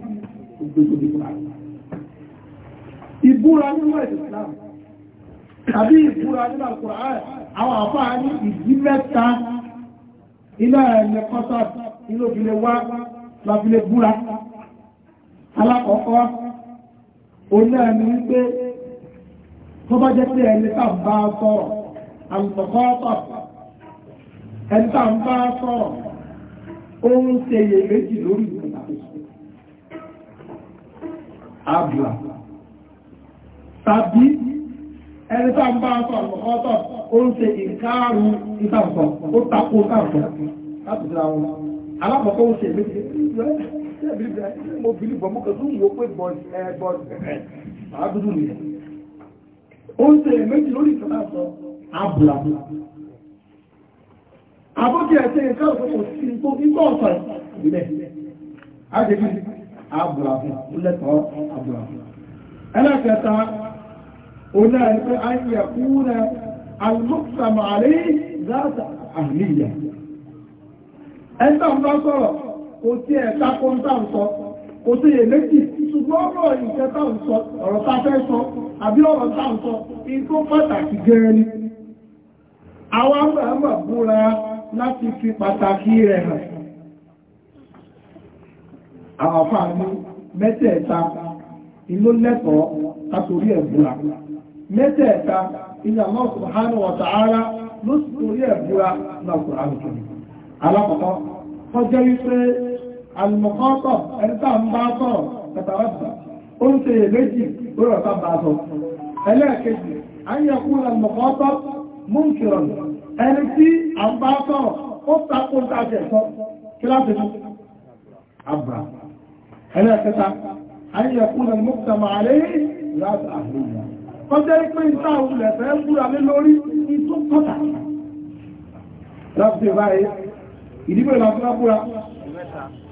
ògbèsòdì fún àrùn ìbúra nínú ìsìlámù tàbí ìbúra nínú Al-Kùránì àwọn àfáà ní ìdí mẹ́ta ilé ẹ̀mẹ́kọ́sà ilé òfin lè wá láfi búra alákọ̀ọ́kọ́ onáà ní pé tó bá jẹ́ pé ẹni tá ń bá sọ̀rọ̀ àlùkọ́ọ̀tọ̀ ẹni tá ń bá sọ̀rọ̀ ó ń ṣe iye méjì lórí ìgbìmọ̀ àbúrà tàbí ẹni tá bá sọ̀rọ̀ àlùkọ́ọ̀tọ̀ ó ń ṣe ìkáàrù ìtàkùn ó takò káàkùn láti ṣé bìlìbì àti ṣé mo bìlìbì ọmọ kan tún wò pé bọ́ọ̀sì ẹ bọ́ọ̀sì ẹ màá dúdú mi ó ń ṣe méjì lórí ìkànnà sọ àbùlàbù àbókì ẹ̀ṣẹ̀ nǹkan òṣèlú sí tó nígbà ọ̀sán ìbílẹ̀ àjẹbí àbùlàbù lẹ́tọ̀ọ́ àbùlàbù ẹlẹ́kẹta òun náà ń pẹ́ àyè kúrú المقسم عليه ذات أهلية أنت هم kò tí ẹ̀ tako ń tàn sọ kò tí ẹ̀ méjì ṣùgbọ́n ọ̀rọ̀ ìjẹ́ tàn sọ ọ̀rọ̀ ta fẹ́ sọ àbí ọ̀rọ̀ sọ in pàtàkì gẹ́rẹ́ ni àwọn àmàmà búra láti fi pàtàkì rẹ̀ hàn àwọn àfààní mẹ́tẹ̀ẹ̀ta ìlú lẹ́tọ̀ọ́ látòrí ẹ̀ búra mẹ́tẹ̀ẹ̀ta ilẹ̀ Allah àlùmọ̀kọ́tọ̀ ẹ̀ta ń bá sọ̀rọ̀ tàtàràtà ó ń ṣe èméjì lórí ọ̀tá bá sọ ẹlẹ́ẹ̀kejì ayẹ̀kú àlùmọ̀kọ́tọ̀ múnkìrọ̀ ẹni tí a ń bá sọ̀rọ̀ ó takò tàjẹ̀ sọ kí láti mú àbà ẹlẹ́ẹ̀kẹta ayẹ̀kú àlùmọ̀kọ́tọ̀ àlẹ́yìn láti àhìlẹ̀ ọjọ́ ìpé ìtàhùn lẹ̀fẹ́ ìdíbò ìlàkúnlá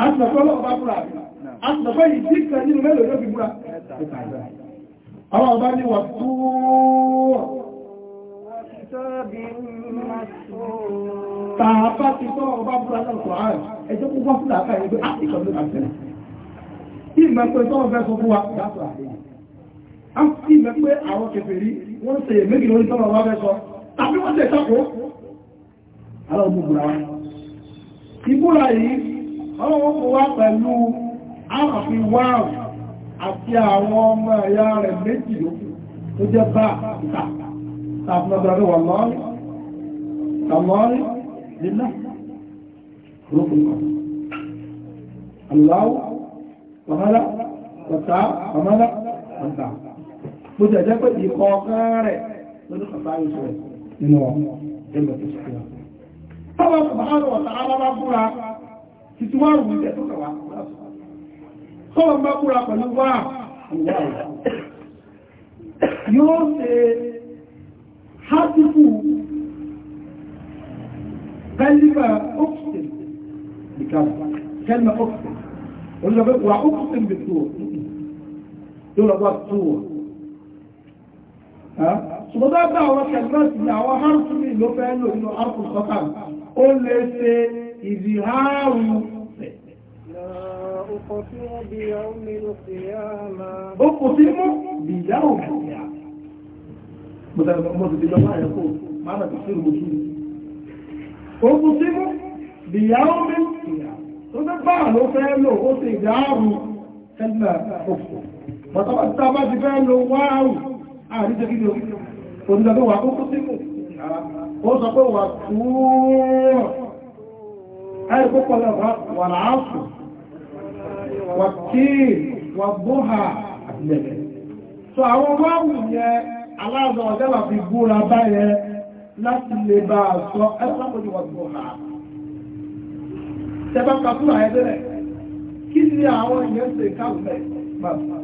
Àwọn ọba ni wà fúúrọ̀. Tàbá ti tọ́ ọba búra náà kò ààrẹ, ẹjọ́ kó wá fúnlá àkáyẹ pé áìkọ̀ ló kà tẹ́lẹ̀. Ìmẹ́ pé tọ́wọ́ fẹ́ sọ fún wa dápọ̀ àríyìn. A ti mẹ́ pé àwọn kèfèrí wọ́n ṣe èméjì lórí tọ́wọ́ wá fẹ́ sọ, tàbí wọ́n ṣe ìtàkó. Alọ́ wọ́n wọ́n kò wá pẹ̀lú ààfin wáàrùn àti àwọn ọmọ ẹ̀yà rẹ̀ méjì lókù tó jẹ́ bá ìta tàbí ọdọ̀rẹ́ wà lọ́rin tàlọ́rin lílá lókùnkọ̀ aláwọ̀ ọ̀mọ́lá ọ̀tá ọ̀mọ́lá ọ̀tá mo jẹ̀jẹ́ pé ìkọ̀ rẹ̀ lórí kọ̀tá ìṣẹ̀ nínú ọmọ ẹgbẹ̀ tó ṣe títí wá rùn jẹ́ tó kàwà kọ́wọ́ bá kúra pẹ̀lú wà yóò ṣe hátìkù kẹlìmà ọ́pùsìn ìkàfà kẹlìmà ọ́pùsìn olùgbé wà ọ́pùsìn bí tó yóò lọ bá tó ṣùgbọ́n bá bá àwọn kẹlìmà sí àwọn harfin ló fẹ́ lò nínú harfin sọ́kà ó ìzìháàrù ó kò sí mú bìyàwó kìíyà mo tẹ́lẹ̀ mọ́ ti lọ máa ẹ̀kọ́ máa nà ti sí ìrùmọ̀ sí ó kò sí mú bìyàwó kìíyà tó fẹ́ bá ló fẹ́ lò ó sì ìdáàrù ẹgbẹ̀ òkú bàtàbàtà bá ti fẹ́ lò wáàrù àríjẹ́ kí ni ó onígbàgbé wà kó kó sí mú ó sọ pé wà kúrò هاي بكرة والعصر والتين والضحى so àwọn ọmọ yẹ aláàzọ ọjọ́lá fi búra báyẹ láti lè bá a sọ ẹgbẹ́gbẹ́gbẹ́ wọ̀gbọ̀n ha tẹbá kàtúrà ẹgbẹ́rẹ̀ kí ni àwọn èèyàn ṣe káàkùnmẹ́ bàbá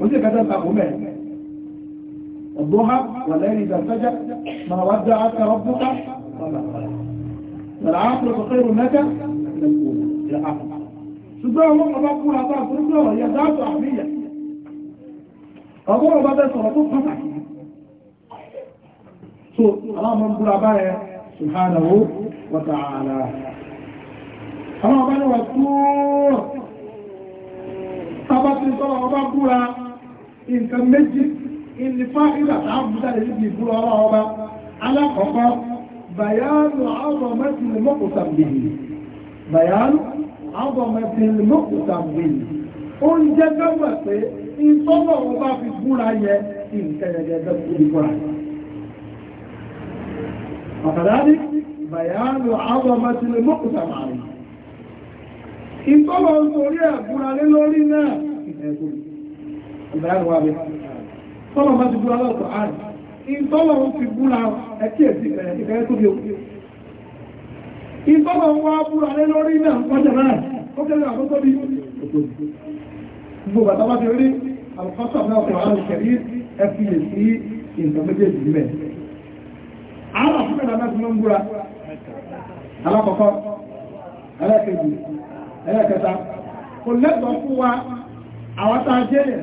ó sì kẹta tàkùnmẹ́ ọ̀gbọ̀n ha wà lẹ́yìn ìdàtọ́já màá wá dá العاقلة خير لك من الأولى إلى آخر ṣùgbọ́n àwọn ọba kún àbá àbúrúkú ọ̀rọ̀ yẹ dáàbò àmìyà ọgbọ́n ọba bẹ́ sọ̀rọ̀ tó pàtàkì so àwọn ọmọ búra báyẹ subhanahu wa ta'ala àwọn ọba níwà tóòrò tàbá ti sọ́rọ̀ ọba búra بيان عظمة المقسم به بيان عظمة المقسم به oúnjẹ gbẹ́gbẹ̀ pé ìtọ́lọ̀ wọn bá fi búra yẹ kí nkẹ́yẹ̀gẹ́ gbẹ́gbẹ̀ ibi búra yẹ. àkàdáni bàyánù àwọn ọmọ ti lè mọ́kùtà máa rí. ìtọ́lọ̀ nítorí ẹ̀ búra lé lórí náà ìbẹ̀rù ìbẹ̀rù wa bẹ̀. tọ́lọ̀ bá ti búra lọ́kọ̀ àrùn ìtọ́lọ̀run ti búra ẹ̀kí ẹ̀sì ìfẹ́ tó bí òkú ìtọ́lọ̀run wá búra lé lórí náà pọ́jẹ̀ náà ó kẹ́lẹ̀ àkókò bí gbogbo bàtà bá ti rí àlùkọ́sà náà kò àrùn kẹ̀rí ẹ̀fì lè sí nǹkan méjèèjì mẹ́ àwọn àfúnfẹ́ náà láti mọ́ ń búra alákọ̀ọ́kọ́ ẹlẹ́kẹ̀jì ẹlẹ́kẹta kò lẹ́tọ̀ọ́ fún wa àwọn tá a jẹ́ yẹn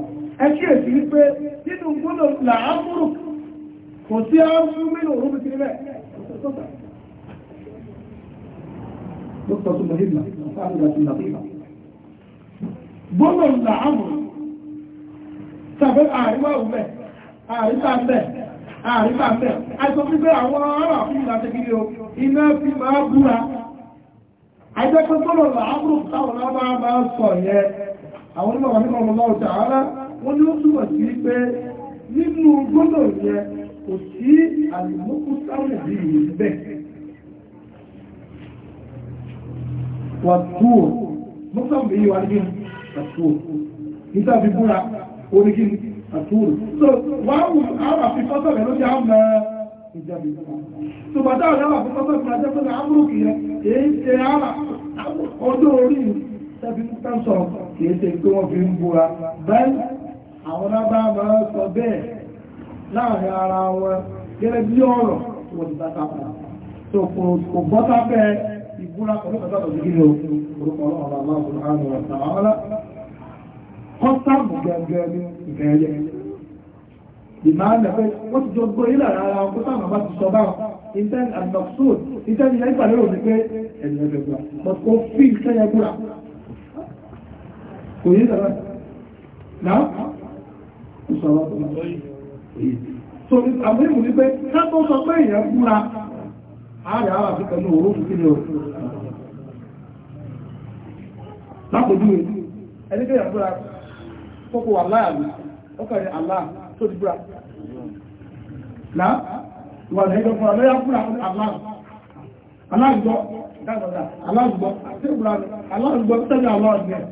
ẹkíyèsí wípé nínú gbọ́dọ̀ làámúrù kò sí áwọ́ mínú òrùn ti rẹ̀ gbọ́dọ̀ làámúrù tàbí àríwá òmẹ́ àríwá mẹ́ àríwá mẹ́ àìsàn pípé àwọn ará fún ìlàtẹ̀kiri o iná fi máa búra àìjẹ́ pẹ́ tọ́lọ̀ làámúrù táwọn lábá máa sọ yẹ àwọn onímọ̀ wọn ní ọmọ náà wọ́n ni ó túnmọ̀ sí pé nínú gbọ́dọ̀ yẹ kò sí àlùmọ́kú sáwọn ìdí ìlú bẹ́ẹ̀ wà túwò mọ́sàmù èyí wà ní àtúwò nígbà fi búra orígin àtúwò so wà á wù àwọn àfikọ́sọ̀ rẹ̀ ló jẹ́ àmà ìjàmbá so bàtà àwọn àwọn àfikọ́sọ̀ rẹ̀ jẹ́ pé àmúrò kìí èyí ṣe àmà ọjọ́ orí tàbí tàbí sọ kìí ṣe pé wọ́n fi ń búra báyìí àwọn lábá máa ń sọ bẹ́ẹ̀ láàrin ara wọn gẹ́gẹ́ bí ọ̀rọ̀ tí wọ́n ti bá sápá tó kò bọ́ sábẹ́ ìbúra pẹ̀lú pẹ̀lú ìgbìlẹ̀ orúkọ ọlọ́run aláàbò àrùn ọ̀sán àwọn ọlá kọ́sàmù gẹ́gẹ́ ní ìfẹ́ẹ̀lẹ́ ìmáàlẹ̀ pé wọ́n ti jọ gbọ́ ilẹ̀ ara wọn kọ́sàmù bá ti sọ báwọn intan So, àmì ìmú ní pé, ká tó sọ pé èèyàn fúnra, ààrẹ ara fi pẹ̀lú òórùn kí ni o. Lápòjú rẹ̀, ẹni pé ìyàfúra, kókò wà láàrín, ọkàrin àlá tó ti búra. Náà, ìwà ìrẹ́jọ fúnra lọ́yá fúnra àlá. Aláàgbọ́, aláàgbọ́, aláàgbọ́, tẹ́lẹ̀ àlọ́ ọ̀gbẹ́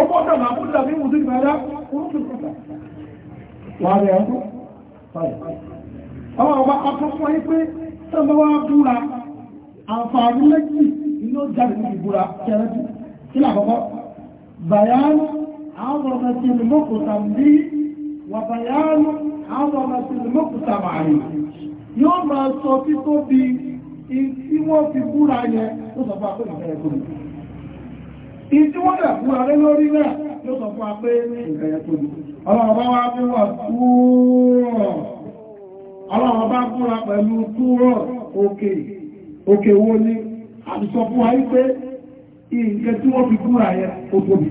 ọgbọ́dọ̀ máa mú ìdàbí ìwòsí ìgbàdá orúkú ìpàdà wà rẹ̀ ọdún ọwọ́ ọba akọ́kọ́ yí pé tọ́bọ́ wá búra àǹfààní méjì inú jáde ní ìbúra kẹrẹ́tù kí làkọ́kọ́ bayanu àwọn ọmọ ti lè mọ́kùtà bí wà bayanu àwọn ọmọ ti lè mọ́kùtà màrí yóò máa sọ tító bí tí wọ́n fi búra yẹn ó sọ fún akọ́ ìfẹ́ ẹ̀kọ́ ìtí wọ́n dà fún ààrẹ lórí náà ló sọ fún apé ọlọ́run bá fúnra pẹ̀lú kúrọ̀ òkè òkè wo ni àdìsọ fún wa wípé ìǹkẹ́ tí wọ́n fi kúrà yẹ òtòbí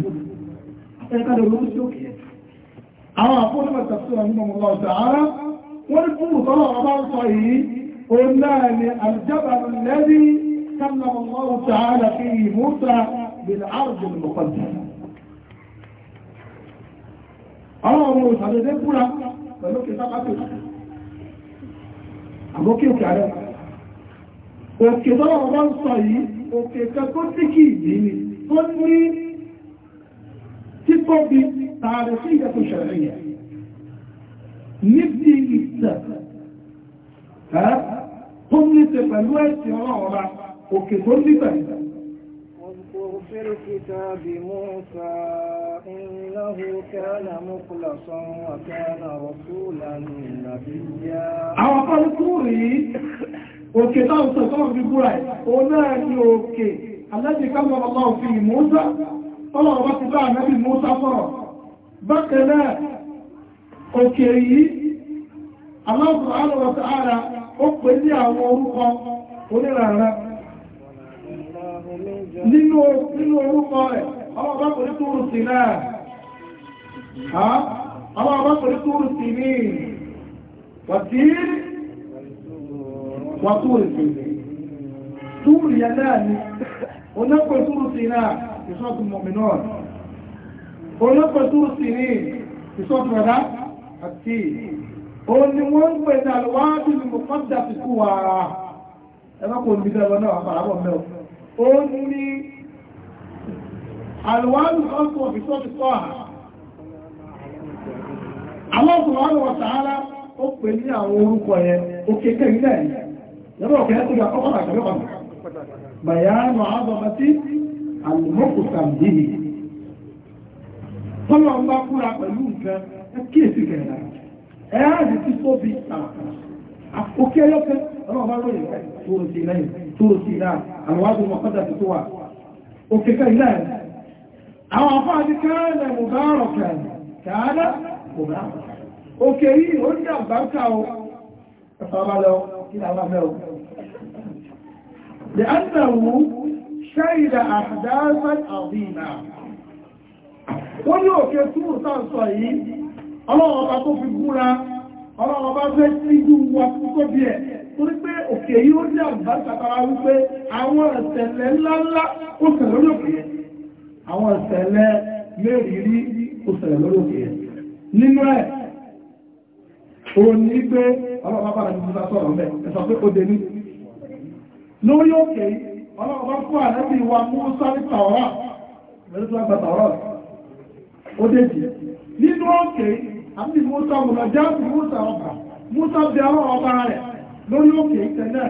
ẹ̀kàdà olóòrùn sí òkè àwọn àpótọ́bẹ̀tà sí ọ̀nà بالعرض المقدس àwọn ọmọ òṣàdédé búra pẹ̀lú kí sápátì àbókè òkè àrẹ òkè tọ́lọ̀ ọba ń sọ yìí òkè kẹ́kọ́ sí kí ìdí ni tó ní títọ́ bí tààrẹ sí ìyẹ́kù ṣẹ̀rẹ̀ yẹn níbi ní ṣe pẹ̀lú في الكتاب موسى إنه كان مخلصا وكان رسولا نبيا àwọn alukúrú yìí òkè táwọn sọ̀tọ́ fi búra ẹ̀ o náà ni òkè alájì kámọ̀ ọmọ òfin Mùsá ọlọ́wọ́ bá ti bá ànábì Mùsá fọ́rọ̀ bákan náà òkè yìí aláwọ̀ àlọ́wọ̀ sàárà ó pè ní àwọn orúkọ onírànràn nínú orúkọ rẹ̀ àwọn ọba kò ní túrù sí náà àwọn ọba kò ní túrù sí ní wàtí wàtúrù sí túrù yẹn náà ni onápẹ̀ túrù sí náà ìṣọ́tù mọ̀mìnà onápẹ̀ túrù sí ní ìṣọ́tù ọ̀dá àti òun ni wọ́n ń pè ní àlùwádìí mọ̀kọ́dà ti kú wa ẹ̀rọ kò ní bí náà àpàràbọ̀ mẹ́wàá òun ni àlùwárù ọkọ̀ ìfọ́fífọ́ àwọn ọkùnrin wọ́n tààrà ó pè ní àwọn orúkọ yẹn ó kéèkéè ilẹ̀ yẹ́bọ̀ kẹ́ẹ̀kú ya ọkọ̀ àgbẹ̀kọ̀ bayanu azọmọtí alìmọ́kùsàmdìí tọ́lọ̀ ń bá kúra pẹ̀lú nǹkan kíèsì kẹ̀ẹ̀lá ẹ̀yà àti tí tó bí àkókè ẹyọ́kẹ́ ọlọ́ọ̀bá lóyìn tó rò sí lẹ́yìn túrùsì náà àwọn wájú mọ̀kọ́dà ti tó wà òkè kẹ́lẹ̀ àwọn afọ́ àti kẹ́lẹ̀ mùbárọ̀ kẹ́lẹ̀ kẹ́lẹ̀ mùbárọ̀ òkè yìí ó ní àbáríkà o ẹ̀fàbálọ́ kí làwọn afẹ́ o lẹ́ẹ̀nàwó ṣáìdà àdáṣán ọlọ́wọ́ bá tó fi gúnra ọlọ́wọ́ bá fẹ́ síjú wa púpọ̀ bí ẹ àlùbáríkà tara wípé àwọn ìṣẹ̀lẹ̀ ńláńlá ó ṣẹlẹ̀ lórí òkè yẹn àwọn ìṣẹ̀lẹ̀ mẹ́rìírí ó ṣẹlẹ̀ lórí òkè yẹn nínú ẹ̀ òun ní pé ọlọ́pàá bára ní sísá sọ̀rọ̀ mẹ́ ẹ sọ pé rẹ̀ lórí òkè ìtẹ̀lẹ̀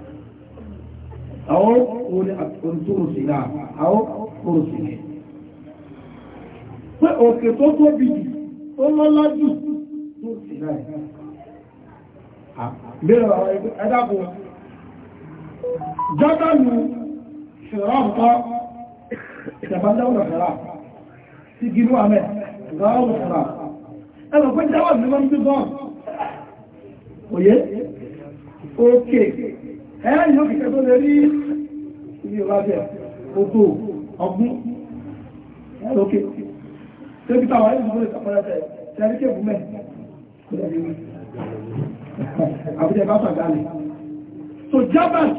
أو أنترسلا أو أرسله pé òkè tó tóbi jù tó lọ́lá jù tó sì náà bẹ́rẹ̀ ẹ̀dàkù jọ́dánù ṣìrọ́pọ̀ ìjàbádáwọ̀n ṣìrá sí gínú àmẹ́ ìgbàwọ̀n ṣìrá ẹ̀rọ pé jáwọ̀ ní wọ́n ń bí bọ́ọ̀ òye òkè ẹ̀yìn yóò kìkẹ́ tó lè rí ibi ìwádẹ́ ogbó ọgbún ẹ̀lókè tó bí táwọn ẹ̀yìn mọ́lẹ̀ ìtàpọ̀lẹ́tẹ̀ tẹ́rí kébù mẹ́ àbújẹ bá pàdánì so jabas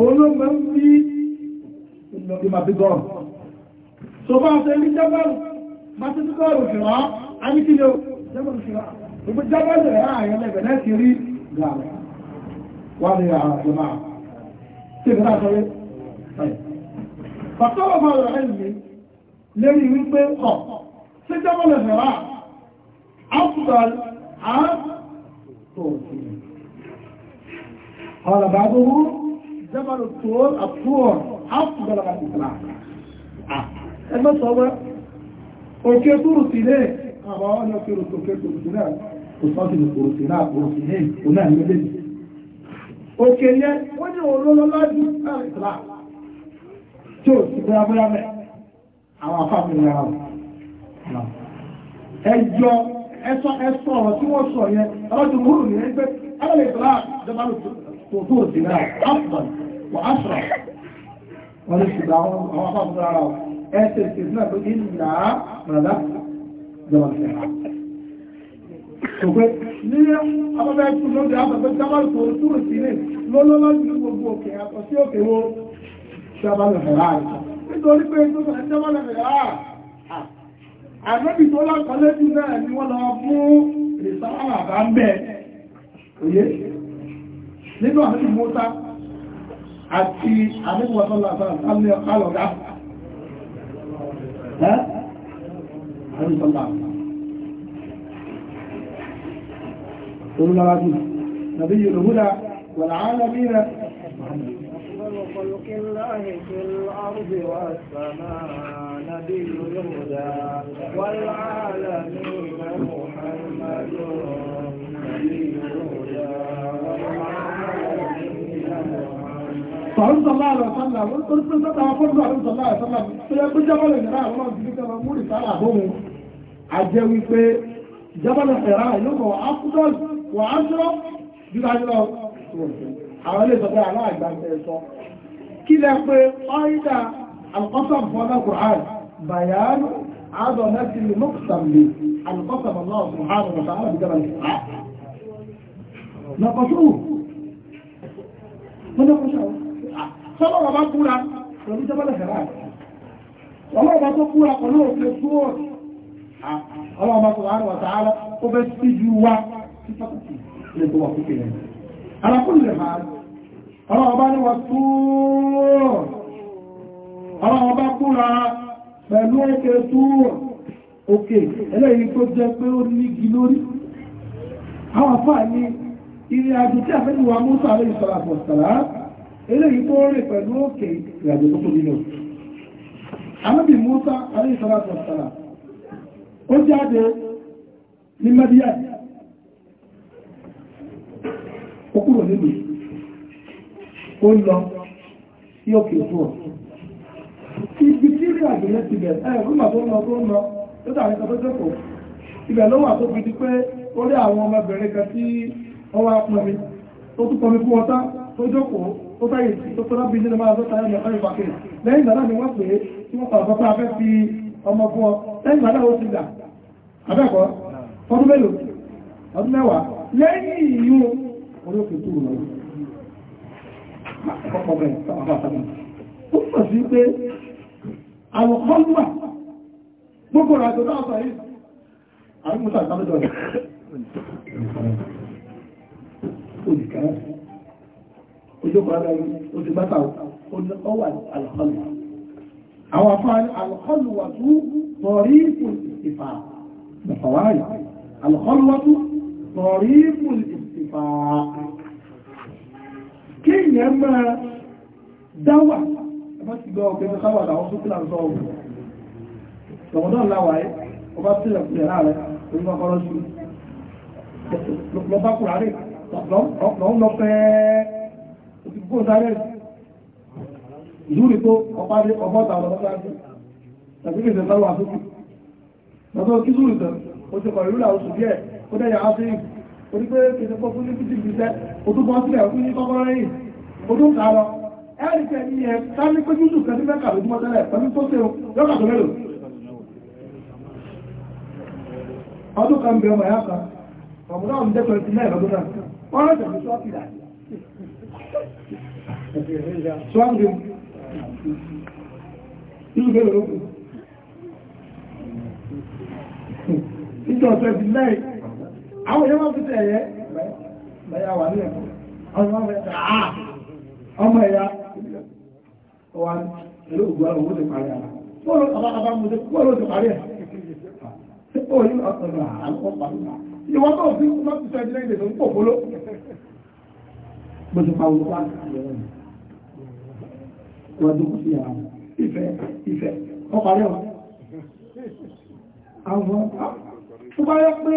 olóògbé ń bí ìlọ́gbé ma bí gọ́ọ̀rù so bá ọ̀sẹ̀ ní jabas bá ti bí gọ́ọ̀rù fìràn á ní kí ni ó jabas fìràn gbogbo jabas rẹ̀ wà ní àwọn àjọmá tí ìbí náà sọ́rẹ́ pàtàkì ọmọ rẹ̀ ẹ̀mí lórí wípé ọ̀ sí jẹ́mọ́lẹ̀ fẹ̀rà áfùgbàl àátòsí ọ̀rọ̀ bá gbogbo jẹ́mọ́lẹ̀ tó àtúwọ̀ áfùgbàl àti ìsìlá ẹgbẹ́ sọ́wọ́ òkè túrù sílẹ̀ àwọn ọ̀nà òkè túrù sílẹ̀ kò sọ́ọ̀tì ní kòrò sílẹ̀ àkòrò sílẹ̀ òun náà ní méjèèjì òkè yẹn wọ́n ní olóòlò lájú àìsílá tí ó sì bóyá bóyá mẹ́ àwọn afáàmì ẹjọ́ ẹsọ ẹsọ ọ̀rọ̀ tí wọ́n sọ yẹn ọlọ́dún múrù ní ẹgbẹ́ alẹ́ ìsìlá tó tó òsì Òpin ní afẹ́fẹ́ kú lóde afẹ́fẹ́ sábàlù tó tú ìsílẹ̀ lọ́lọ́lọ́dún ní gbogbo òkè àtọ̀ sí òkè wọn sábàlù fẹ̀rẹ̀ àìsà. Nítorí pé tó sọ sábàlù fẹ̀rẹ̀ àà àgbẹ́bì tó lákọlẹ́ jù náà ni wọ́n lọ fún ìsáwà bá ń bẹ̀ òye nínú àti mọ́ta àti àdébùwọ́sọ́lá sáàlẹ̀ ọ̀gá. Ẹ́ àdébùwọ́sọ́lá قولوا العزيز نبي الهدى والعالمين وخلق الله في الأرض والسماء نبي الهدى والعالمين محمد نبي الهدى صلى الله عليه وسلم ارسل سبع فرصة هم صلى الله عليه وسلم فيقول جبل الجراء الله سبحانه وتعالى مولي تعالى هم عجيوي في جبل الحراء يوم أفضل wọ́n á dúró dúdájúlọ àwọn ilé ìsọ̀kọ́ àwọn àgbà ẹ̀sọ́ kí lẹ pé ọ́ìdà alkọ́sàm fọ́nà kùrán bayanu àádọ́ mẹ́sì ní mọ́kùsàm lè alkọ́sàm Allah subhanahu wa ta'ala bìjọba ní ṣá lọ́kọ̀tù wọ́n ní kọ́sà sọ́lọ́ ọba kúra pẹ̀lú jẹ́bẹ́lẹ̀ fẹ́rà ọlọ́ọ̀bá tó kúra pẹ̀lú òfin tó ọlọ́ọ̀bá subhanahu wa ta'ala ó fẹ́ sí ju wa pátákì ilé tó wà fúkè rẹ̀. arákùnrin rẹ̀ máa ọ̀rọ̀ ọba ní wà túúrò ọ̀rọ̀ ọba kúra pẹ̀lú òkè túúrò òkè eléyìí tó jẹ pé ó ní igi lórí àwọn afáà ní ilé ajé tí a fẹ́ ní wa Mùsá alayhi salatu wa salam eléyìí tó rìn pẹ̀lú òkè ìrìnàjò tó tóbi náà ó kúrò níbi ó lọ sí òkè òfúrò ibi tí rí àgbẹ̀lẹ́ ti bẹ̀ ẹ̀ fún màtó lọ tó ń lọ tó dà nípa tó jẹ́kọ̀ọ́ ibẹ̀ ló wà tó fi di pé ó rí àwọn ọmọbìnrin kan tí wọ́n wá pọn mi tó tún pọn mi fún ọtá tó jókòó tó táyè tó tó lábí nínú máa tó táyè ní ọ̀rẹ́ ìpàkè lẹ́yìn ìgbà náà ni wọ́n pè é tí wọ́n pàrọ̀ pé afẹ́ fi ọmọ fún ọ lẹ́yìn ìgbà náà ó ti gbà abẹ́kọ̀ọ́ ọdún mélòó ọdún mẹ́wàá lẹ́yìn ìyún olókùtù rẹ̀ ọ̀pọ̀ rẹ̀ sọ́pàá ó pọ̀ sí pé àwọn ọmọ gbogbo rẹ̀ àjọ náà sọ̀rọ̀ àwọn mọ́ta àtàlẹ́jọ rẹ̀ olùkẹ́ ojókòó ara yìí ojú bátà ọwà alùkọ́lù àwọn afárí alùkọ́lù wà tó tọ̀rí ìfà mọ̀kọ̀wárì alùkọ́lù wà tó kí èèyàn máa dáwà ẹgbẹ́ ti gbọ́ ọ̀pẹ́ káwà àwọn tó kílà sọ ọ̀rọ̀ lọ́wọ́dọ́ láwàáyé ọba sílẹ̀ fún ẹ̀rá rẹ̀ orí kọ́kọ́rọ́ sí lọ́bá kùrà rẹ̀ lọ́n lọ pẹ́ òtìkú sáré ìlúrí tó ọpáde ọgọ́ta ọlọ́gbọ́sáájú tàbí kìí sẹ́sáró àtúkù lọ́tọ́ kí súrù tẹ̀ ó ti kọ̀ ìrúlà oṣù díẹ̀ ó dẹ̀yà áfíríkì torí pé kìí kọ́ fún níbi tìbí sẹ́ odún kan sílẹ̀ fún ní kọ́kọ́ rẹ̀ odún kà lọ ẹ̀rì tẹ̀ ní ẹ̀ sáré pé jújù kan sí mẹ́kà lójúmọ́ tẹ́lẹ̀ pẹ̀lú tó ṣe lọ́kà tó ọdún kan bẹ ọmọ ẹ̀yà kan ọmọdé ọmọ dẹ́kọ̀ ẹ̀sìn náà lọ́dún náà wọ́n rẹ̀ tẹ̀lé sọ́ọ̀tì rà sọ́ọ̀tì ìlú bẹ́ẹ̀ àwọn èèyàn wọ́n fi tẹ̀ ẹ̀yẹ́ lẹ́yà wà ní ẹ̀kọ́ ọmọ rẹ̀ àà ọmọ ẹ̀yà wà pẹ̀lú ògbó àwọn ti parí ara bọ́ọ̀lù àbábá mú bọ́ọ̀lù ti parí ẹ̀ tí ó yí ọ̀sọ̀rọ̀ àlọ́pọ̀ pàdé ìwọ́n tó fi má ti sẹ́jú lẹ́yìn tó ń pò fóló mo ti pa olùkọ́ àti ìyẹn wọ́n dúkú sí ara ìfẹ́ ìfẹ́ ọ parí ọ̀ àwọn ah, tó bá yẹ pé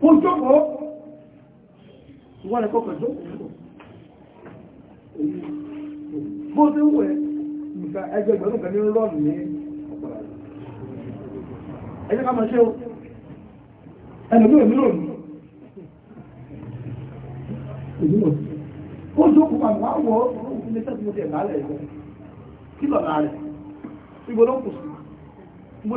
kó jókòó ìwọ́n ẹ̀kọ́ pẹ̀lú bó ti wẹ̀ nǹkan ẹgbẹgbẹ̀rún kan ní rọ́ọ̀lù ní ọ̀pọ̀ ẹ̀jẹ̀ ká máa ṣe o ẹnu ní òní lòní òní lòní ó jókòó àwọn àwọ̀ ọ̀rọ̀ ní sẹ́sì mo ti ẹ̀gbà alẹ̀ ẹ̀gbẹ́ kí lọ́la rẹ̀ ibo ló kù sí ibo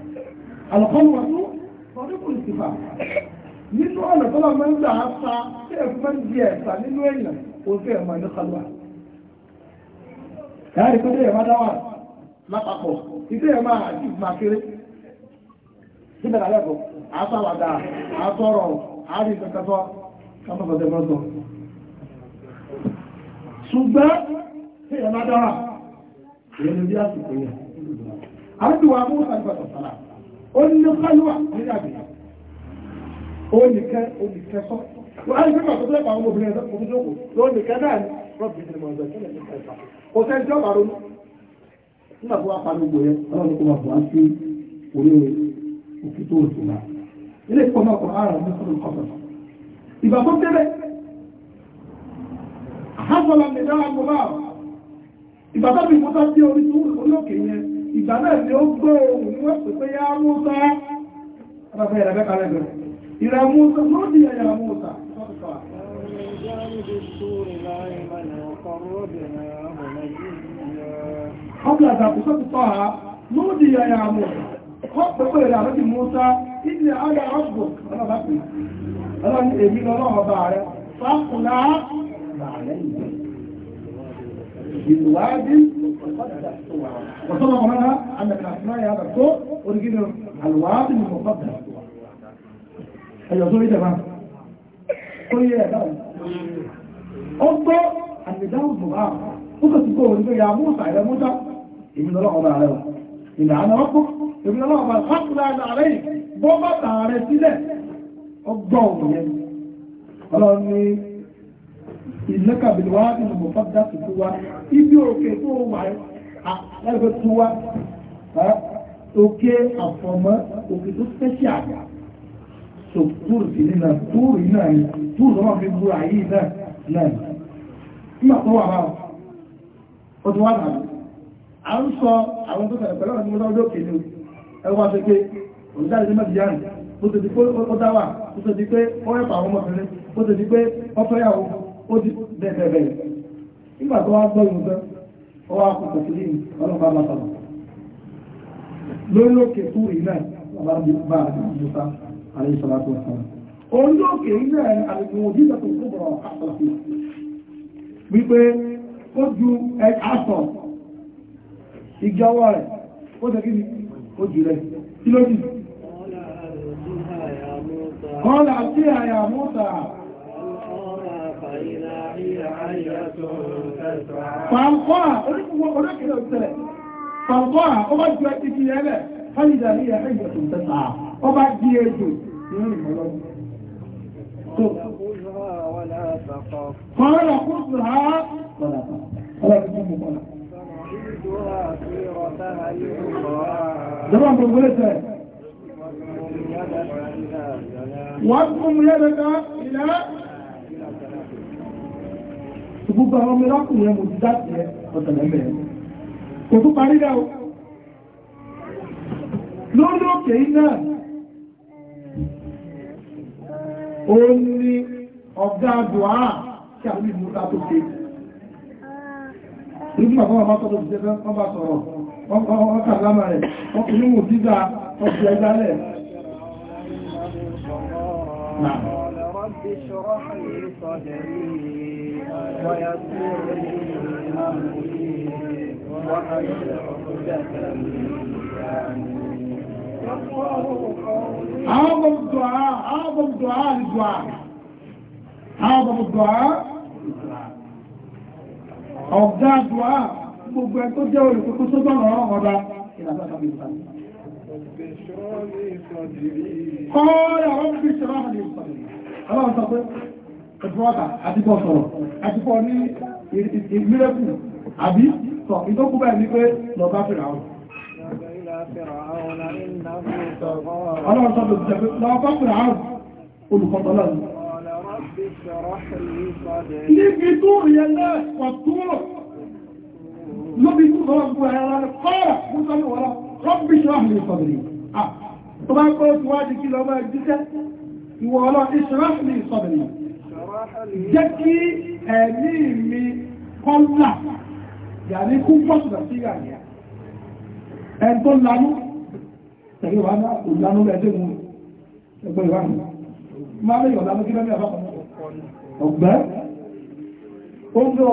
àlọ́kọ́wọ́tú ọdúnkùn ìsìfà nínú ọ̀nà tó lọ́mọ ń gbà ta tí ẹ̀ fún di ẹ̀sà nínú èèyàn ó fi ẹ̀mọ̀ ní kalwa ẹ̀yà rí pẹ́lú ẹ̀mọ́ dáwà lápapọ̀ ìdí ẹ̀mọ́ àti ìfúnakéré síbẹ̀ lálẹ́kọ̀ọ́ àtàwàdà àtọ̀rọ̀ àárín ìfẹ́kẹ́tọ́ kápẹ́kọ̀tẹ́ mọ́tọ̀ ṣùgbọ́n tí ẹ̀mọ́ dáwà èyí ni bí àsìkò yẹn àti wà ó ní o sọ wọ́n á ní pẹ́pà tó tẹ́lẹ̀ àwọn obìnrin ẹ̀sọ́ fún jókòó ló náà ní rọ́bì ìdìbò ọ̀sẹ̀ tó lè ní ẹ̀fà bàrún yẹn ọlọ́run kó máa bọ̀ á sí orí ilé ìgbà náà tí ó gbọ́ ohun wọ́n pè pé yá Músá àbáfẹ́ ìrẹ̀bẹ́ kalẹ̀ bẹ̀rẹ̀ ìrẹ̀ Músá lóòdì ẹ̀yà Músá ọ̀pọ̀ àtàkùsọ́ ti tọ́ ha lóòdì ẹ̀yà Músá wọ́n بالواد المقدس طوى وطلب منها أن من أسماء هذا الطوء أرجل الواد المقدس طوى أيها الزوء إذا ما قل يا دولة أبطى أن داود مبعام قلت تقول يا موسى إلى موسى إبن الله أبا عليه إن أنا ربك إبن الله أبا الحق لا أنا عليك بابا تعالى سيدة أبطى الله ìlẹ́kà bìlúwá nínú mọ̀fádà tó tó wá ibi òkè tó wà lẹ́gbẹ́ tó wá òkè àfọ̀mọ́ òkè tó tẹ́sí àgbà so túrù sí nínú túrù náà ni túrù náà fi búra yìí náà náà ni nígbà tó wà máa ó ti wá náà a ń sọ àwọn tó sẹ̀rẹ̀ pẹ̀lú àwọn ọmọdé òkè ní ẹwà tó pé òǹdáyé ní mẹ́bí yára bó ti di pé ó dáwà bó ti di pé ó rẹ̀pà àwọn ọmọkùnrin bó ti di pé ó fẹ́yàwó ó ti bẹ̀rẹ̀ bẹ̀rẹ̀ nígbà tó wá gbọ́ ìrùn gan ó wá kò kòkò lè ọlọ́pàá bá sọ̀rọ̀ lórí lókè fún ìlà bàbá mi bá àdúgbòta àlẹ́ ìṣọ̀lá tó sọ̀rọ̀ òun lókè ilẹ̀ àlejò òjíṣẹ́ tó kó bọ̀rọ̀ àpàlàfẹ́ wípé ó ju aṣọ ìgbàwọ́ rẹ̀ ó jẹ́ kí ni ó jù rẹ̀ kí ló dì Kọ́lá àti àyà mọ́ta Fàǹkọ́à ó bá ju ẹti fi ẹlẹ̀, fàlìdà ní ẹ̀fẹ́ ìjọsùn tẹ́ta, ó bá di ejò ní ìmọ̀lọ́wọ́. Fọ́nà kó sì ha Jọba gbogbo ẹsẹ̀. Wọ́n kún yẹ́dẹ̀ká ilẹ̀ gbogbo àwọn ọmọ ìrákùn yẹn mo ti dáàtì yẹn ọ̀tẹ̀lẹ̀mẹ̀ kò tó parí rẹ̀ o lórí òkè iná ó ní ọ̀gá àdùá kí àwọn ìlú ta tó ké nígbà bàbá wọn bá رب اشرح لي صدري ويسر لي امري واحلل عقدة من لساني أعظم الدعاء أعظم الدعاء للدعاء أعظم الدعاء ọ̀gá àdúwà gbogbo ẹ̀ tó jẹ́ olùkókó tó bọ̀ lọ́rọ̀ ọ̀dá Kọ́ ọ̀rọ̀ ọ̀rọ̀ fi ṣe rọ́mọ̀ ní ìpàdé ọlọ́run sọ pé ẹ̀fọ́ta àtìkọ́ sọ̀rọ̀ àtìkọ́ ní ìmírẹ́kù àbí sọ ìtókù bẹ́ẹ̀ ní pé lọ́gbà fèrè àwọn ọlọ́run sọ pé lọ́gbà fèrè àwọn olùkọ́tọ́lọ́run níbi tó yẹ náà pọ̀túrò lóbi tó sọ gbogbo ẹ̀rọ rẹ̀ kọ́rọ̀ fún sọ́lọ́wọ́lá rọ́bíṣọ́ àmì ìfọ̀dìrí ìwọ ọlọ́run ìṣẹ́rọ́fún ní ìsọ̀bìnà jẹ́ kí ẹ̀mí mi kọ́lá yàrí kú pọ̀sùdà sí yàrí ẹn tó lanú tẹ̀lé wà náà kò lanú lẹ́jẹ́ mú ẹgbẹ́ ìwà mi máa lè yọ̀ lanú kí ọmọ ọmọ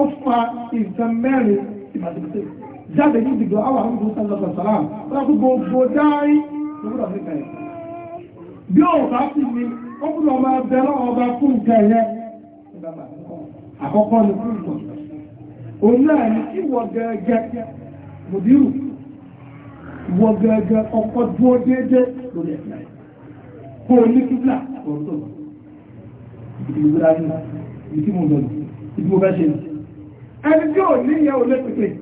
ó fa ìfẹ́ mẹ́rin ìbàdìbìtì jáde ní ìdìgbò àwọn àwọn ìdìgbò sọ́lọ́ sọ̀sọ̀lá lọ́kùn gbogbo dáárí gbogbo ọ̀fíkà ẹ̀ bí ó bá sì ní ọkùn lọ máa bẹ lọ́wọ́ ọba fún nǹkan ẹ̀yẹ àkọ́kọ́ ni fún ìgbọ̀n òun náà ní ìwọ gẹ́gẹ́ mòdìrù ìwọ gẹ́gẹ́ ọkọ̀ dúró déédé lórí ẹ̀ka ẹ̀ kó o ní kíkà ọ̀rọ̀ tó lọ ìdìbò dájú ìdí mo lọ ìdí mo fẹ́ ṣe ẹni tí ò ní ìyẹn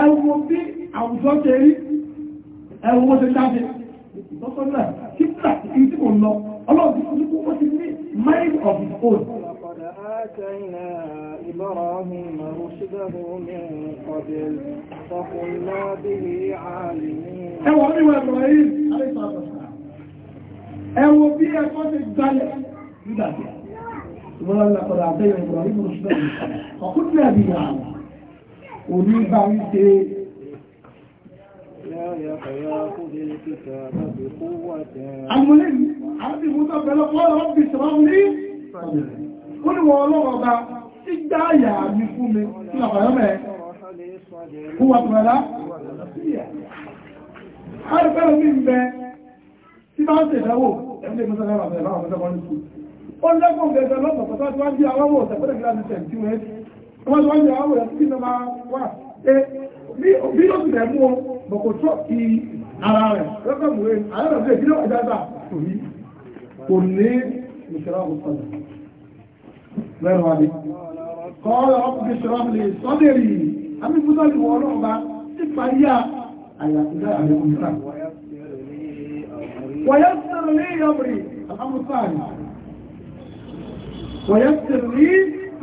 ẹwọ bí àwùjọ ṣe rí ẹwọ wọ́n jáde ìtọ́sọ́ náà kíkà kò lọ ọlọ́ọ̀dí fún ní kókó ní mind of his own. آتينا إبراهيم رشده من قبل فقلنا به عالمين ẹwọ ní wọ́n Ibrahim ẹwọ bí ẹ̀kọ́ ti gbalẹ̀ nígbàtí ìwọ́n lọ́pọ̀lọpọ̀ àtẹ́yìn Ibrahim rṣìdọ̀ ọkùnrin àbíyàn oníbà ń ṣe Ìgbà àyà mi fún mi, tí àpàyọ́ mẹ́, kú wà pẹ̀lá? A rí pẹ́lú ní ìgbẹ́, tí bá ń tẹ̀lẹ́wò, ẹ̀mí lè mọ́sánlẹ́wà pẹ̀lú àwọn ọmọdé wọn ní kú. Ó lẹ́kùn gẹ̀ẹ́gẹ̀ lọ́pọ̀ pẹ̀lú àwọn ọmọdé wọn ní wọ́n lọ yọ àwọn ẹ̀kú kí ló máa wà pé bí ó sì rẹ̀ mú wọn bọ̀ kò tọ́ kí ara rẹ̀ lọ́kọ̀ mú rẹ̀ àárẹ̀ rẹ̀ bí lọ́kọ̀ dáadáa kò ní kò ní ìṣẹ́ra ọ̀sán lẹ́nu wa ni. kọ́ọ̀lọ́ ọkùnrin ìṣẹ́ra ọ̀sán sọ́dẹ̀rì àmì fúdọ́lì wọ̀ ọ́nà ọba nípa yíyá àyàtúndà àyàkùnrin ويسر لي أمري الأمر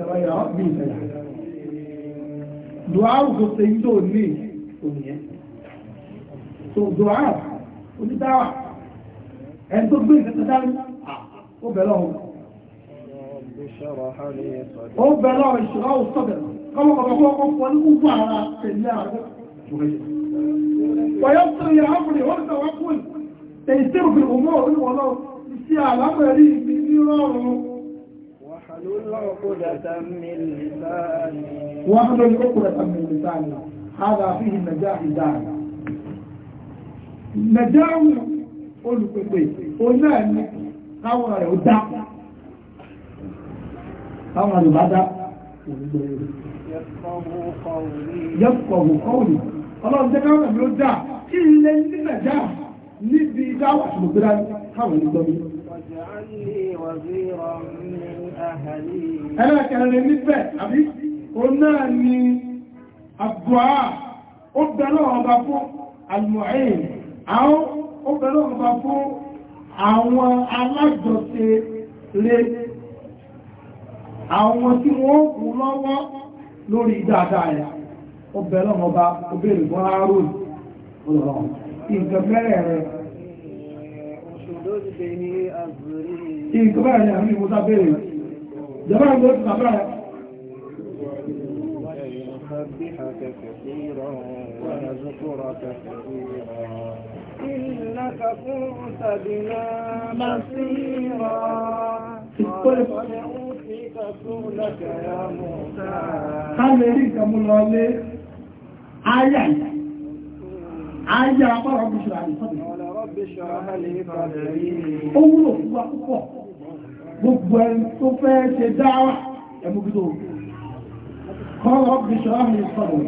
ìtàwáyà bí ìtàyà dùáwù tó ṣe tó ní òníyẹ so dùáwù onídáwà ẹni tó gbé ìfẹ́ tẹ́tẹ́ ó bẹ̀rẹ̀ ọ̀hún ó bẹ̀rẹ̀ ọ̀hún ìṣòro ọ̀hún sọ̀bẹ̀rẹ̀ kọ́mọkọ̀ọ́kọ́ kọ́ ní gbogbo ara tẹ̀lé ara ويبصر العفو والتوكل تيسير في الامور والله في علامه لي في نيرانه واحلل عقدة من لساني هذا فيه النجاح دائما نجاح olùpẹ̀pẹ̀ oná ẹ̀mí káwọn rẹ̀ ó dá káwọn rẹ̀ bá dá yẹ́pọ̀wò kọ́wùlì ọlọ́run jẹ́ káwọn rẹ̀ ó dá kí ilẹ̀ ní nàìjá níbi dáwà ṣùgbọ́n káwọn rẹ̀ gbọ́mí ẹlẹ́kẹ̀ẹ́rẹ́ níbẹ̀ àbí o náà ni àbúwá ó bẹ̀rẹ̀ ọba fún almuhin àwọn ó bẹ̀rẹ̀ ọba fún àwọn alájọṣe lè àwọn tí wọ́n kú lọ́wọ́ lórí dáadáa ó bẹ̀rẹ̀ ọba obìnrin fún àárùn ọlọ́run rẹ̀ ìgbẹ̀mẹ́rẹ̀ rẹ̀ جماعة يقول بابا ويسبحك كثيرا ويذكرك كثيرا إنك كنت بنا بصيرا قد أوتيت سؤلك يا موسى قال لك ملالي آية آية أمر رب اشرح لي صدري قال رب اشرح لي صدري أمره وقفه gbogbo ẹni tó fẹ́ ṣe dáwà ẹmúgbìdó kọ́lọ̀ bíṣọ́ àmì sọ̀rọ̀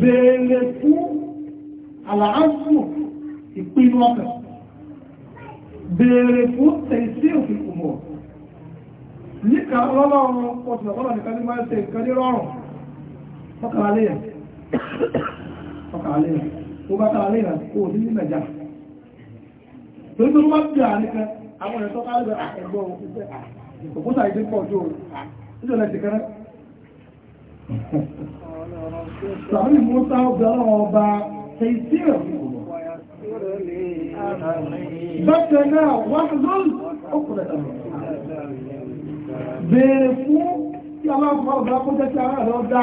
béèrè fún àlàáfù ìpinnu ọkàn béèrè fún tẹ̀sí òfin kùmọ̀ níka ọlọ́lọ́run ọ̀tọ̀lọ́pọ̀lọ́ nìkan ní máa ṣe nǹkan ọkàlẹ́yà ọkàlẹ́yà tó bá kàlẹ́yà kò ní àwọn ẹ̀tọ́ kálùbẹ̀ ẹ̀gbọ́n òkúta ìdí pọ̀ tó ìjọlẹ̀ ti kẹrẹ. Sàmì Musa obìnrin ọba Tẹ̀síọ̀. Bẹ́ẹ̀ náà wọ́n lọ́lù ọkùnrin ẹ̀tọ́. Béèrè fún tí a máa kó jẹ́ kí ara rẹ̀ ọ̀dá.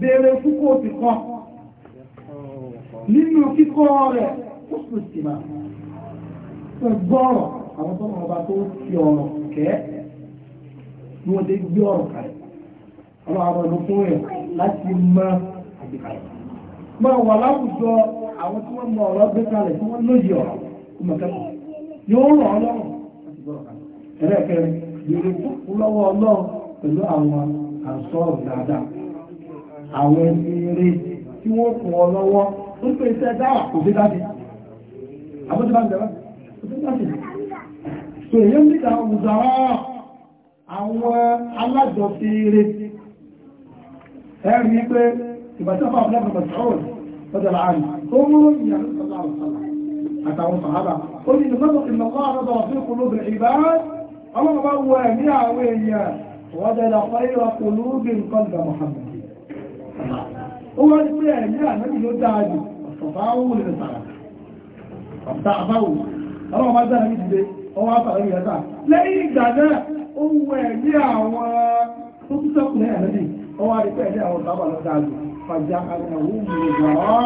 Béèrè fún kó ti kọ́. Nínú kíkọ́ rẹ̀, ó sì máa. Ẹ̀gbọ́rọ̀ àwọn tó wọn bá tó fi ọ̀rọ̀ kẹ́ bí wọ́n ti gbé ọ̀rọ̀ kalẹ̀ àwọn àwọn ọ̀rọ̀ fún rẹ̀ láti mọ àgbékalẹ̀. máa wà láwùjọ àwọn tí wọ́n mọ ọ̀rọ̀ gbé kalẹ̀ tí wọ́n lóye ọ̀rọ̀ kó mọ̀ ni, yóò rọ̀ ọ́ lọ́rùn láti gbọ́rọ̀ kalẹ̀. ẹlẹ́kẹ̀rin yèrè fún lọ́wọ́ ọlọ́run pẹ̀lú àwọn àǹsọ́ọ̀rọ̀ dáadáa àwọn ẹni eré tí wọ́n kún ọ lọ́wọ́ ó pèsè dáwà kò dé dáadé àbójúbá ń bẹ̀rẹ̀ kò dé dáadé so èyí ń dìkà òzàrá àwọn alájọsíire ẹ̀rí pé ìbàtẹ́fà ọ̀pọ̀lọpọ̀ mọ̀sán ọ̀dọ̀ láàrin tó mú ìyàn sọ́lá ọ̀sọ́lá àtàwọn sàhábà ó ní ìdọ́sọ́tò ìlọ́kọ́ àrọ́dọ̀ ọ̀fẹ́ kòlóbì ìbá ọlọ́run bá wọ ẹ̀mí àwọn ọwọ́ àbàrẹ̀ ìyàtà lẹ́yìn ìgbà náà ó wù ẹ̀mí àwọn tó tún sẹ́kù lẹ́yìn àlẹ́lẹ́ ọwọ́ àrípẹ́ ẹ̀lẹ́ àwọn sábà lọ́dà àjò fàjá àrẹ̀wò ìgbà ìgbàlejò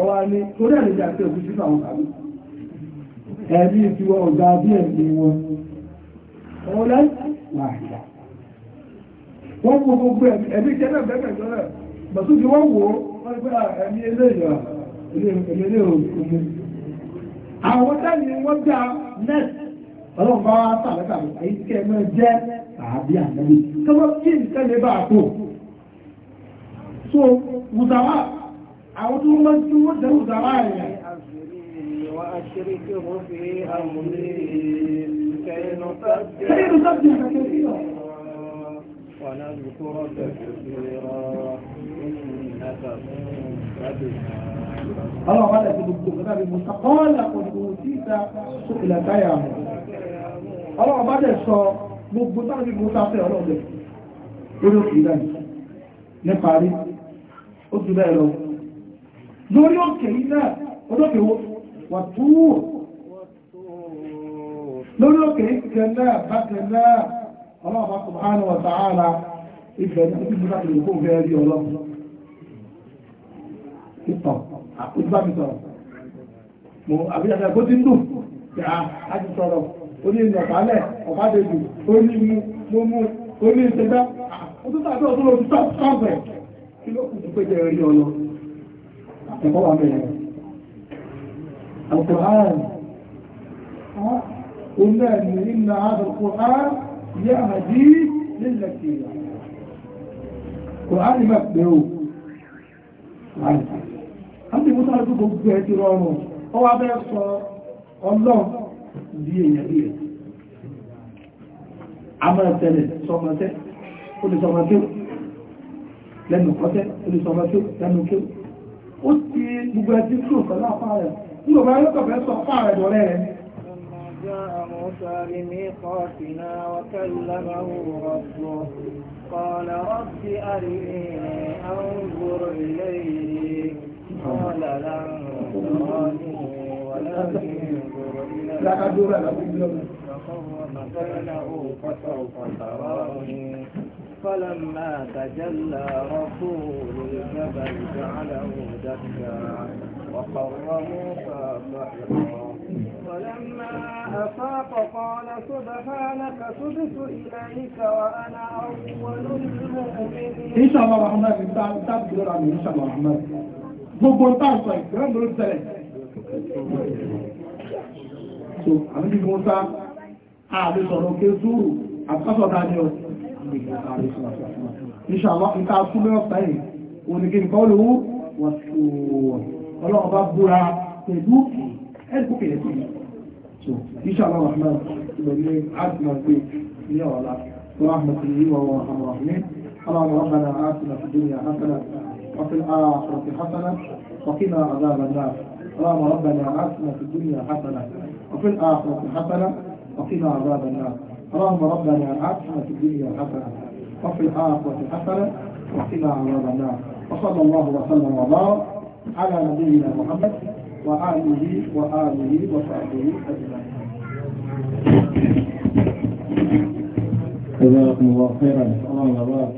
ọwọ́ àní torí àlejò àti òbí sínú àwọn kàbí ẹ̀mí ti wọ ọ̀gá bí ẹ̀mí wọn ọwọ́ lẹ́yìn wàhálà wọ́n wo gbogbo ẹ̀mí kẹ́lẹ́ bẹ́ẹ̀ jọ́lẹ̀ bàtú ti wọ́n wò ó wọ́n gbé ah, ẹ̀mí eléyìí ah, àwọn tẹ́lẹ̀ ni wọ́n gbà nẹ́ẹ̀sì ọlọ́run bá wá sàlẹ́sàlẹ́ àyè tí kẹ́ mọ́ jẹ́ àbí ànábì tó wọ́n kí nǹkan lè bá àpò so wùsàwà àwọn tó wọ́n tí wọ́n jẹ́ wùsàwà rẹ̀ Kẹ́yìn ọlọ́run bá tẹ̀sí gbogbo nǹkan tàbí mo sàkọ́ọ́lá pẹ̀lú sí ìta ìlà táyà mọ̀ ọlọ́run bá tẹ̀ sọ gbogbo tàbí mo sáfẹ́ ọlọ́run lórí òkè ìlà nípa rí ó ti bẹ́ẹ̀ lọ lórí òkè ìlà olókè wà túwò lórí òkè ìkẹlẹ́ bákẹlẹ́ ọlọ́run bá tọ̀ hánà wà tààrà ìbẹ̀rẹ̀ ìbúdá ìlú kó bẹ́ẹ̀ rí ọlọ́run ìtàn àkójúbá mi sọ̀rọ̀ mo àbíyàtà kó ti ń dùn yà á ti sọ̀rọ̀ ó ní ìlú ọ̀bálẹ̀ ọ̀bádẹ́jù ó ní mú mú ó ní ìṣẹ́gbẹ́ ó tún tàbí ọdún lórí sọ́ọ̀fẹ̀ kí ló kù tó pé jẹ́ rí ọlọ àtẹ̀kọ́ wà bẹ̀rẹ̀ القرآن قلنا إن هذا القرآن يهدي للتي القرآن مكبه àti ìmúta ọdún gbogbo ẹ ti rọrùn ọ wá bẹ́ sọ ọlọ́run bí èèyàn bí rẹ̀ a máa tẹ̀lẹ̀ sọmọtẹ́ ó lè sọmọtẹ́ lẹ́nu kọ́tẹ́ ó lè sọmọtẹ́ lẹ́nu kí ó ti gbogbo ẹ ti kúrò pẹ̀lú apá rẹ̀ nígbà bá sọ apá rẹ̀ dọ̀rẹ́ rẹ̀ قال رب أرني أنظر إليك قال تراني فسوف تراني فلما تجلى رسول الجبل جعله دكا وقر موسى سحقا فلما أفاق قال سبحانك تبت إليك وأنا أول المؤمنين إن شاء الله الرحمن إن شاء الله الرحمن gbogbo táàpọ̀ ìgbẹ́rẹ́ ló tẹ̀lẹ̀ so àwọn ibi wọn sá ààrẹ sọ̀rọ̀ ké zúrù àkọ́sọ̀ dání ọ ìṣàlọ́ ìta súnmọ́ ọ̀sán yìí oníkè nǹkan olówó wọ́n tó ọlọ́run bá búra pẹ̀lú ẹ̀kú kèrè sí so ìṣàlọ́ rahman ìbẹ̀lẹ̀ àtìmọ̀gbé ní ọ̀la ورحمة الله وبركاته ربنا آتنا الدنيا حسنة وفي الآخرة حسنة وقنا عذاب النار اللهم ربنا آتنا في الدنيا حسنة وفي الآخرة حسنة وقنا عذاب النار اللهم ربنا آتنا في الدنيا حسنة وفي الآخرة حسنة وقنا عذاب النار وصلى الله وسلم وبارك على نبينا محمد وآله وآله وصحبه أجمعين جزاكم الله خيرا الله يبارك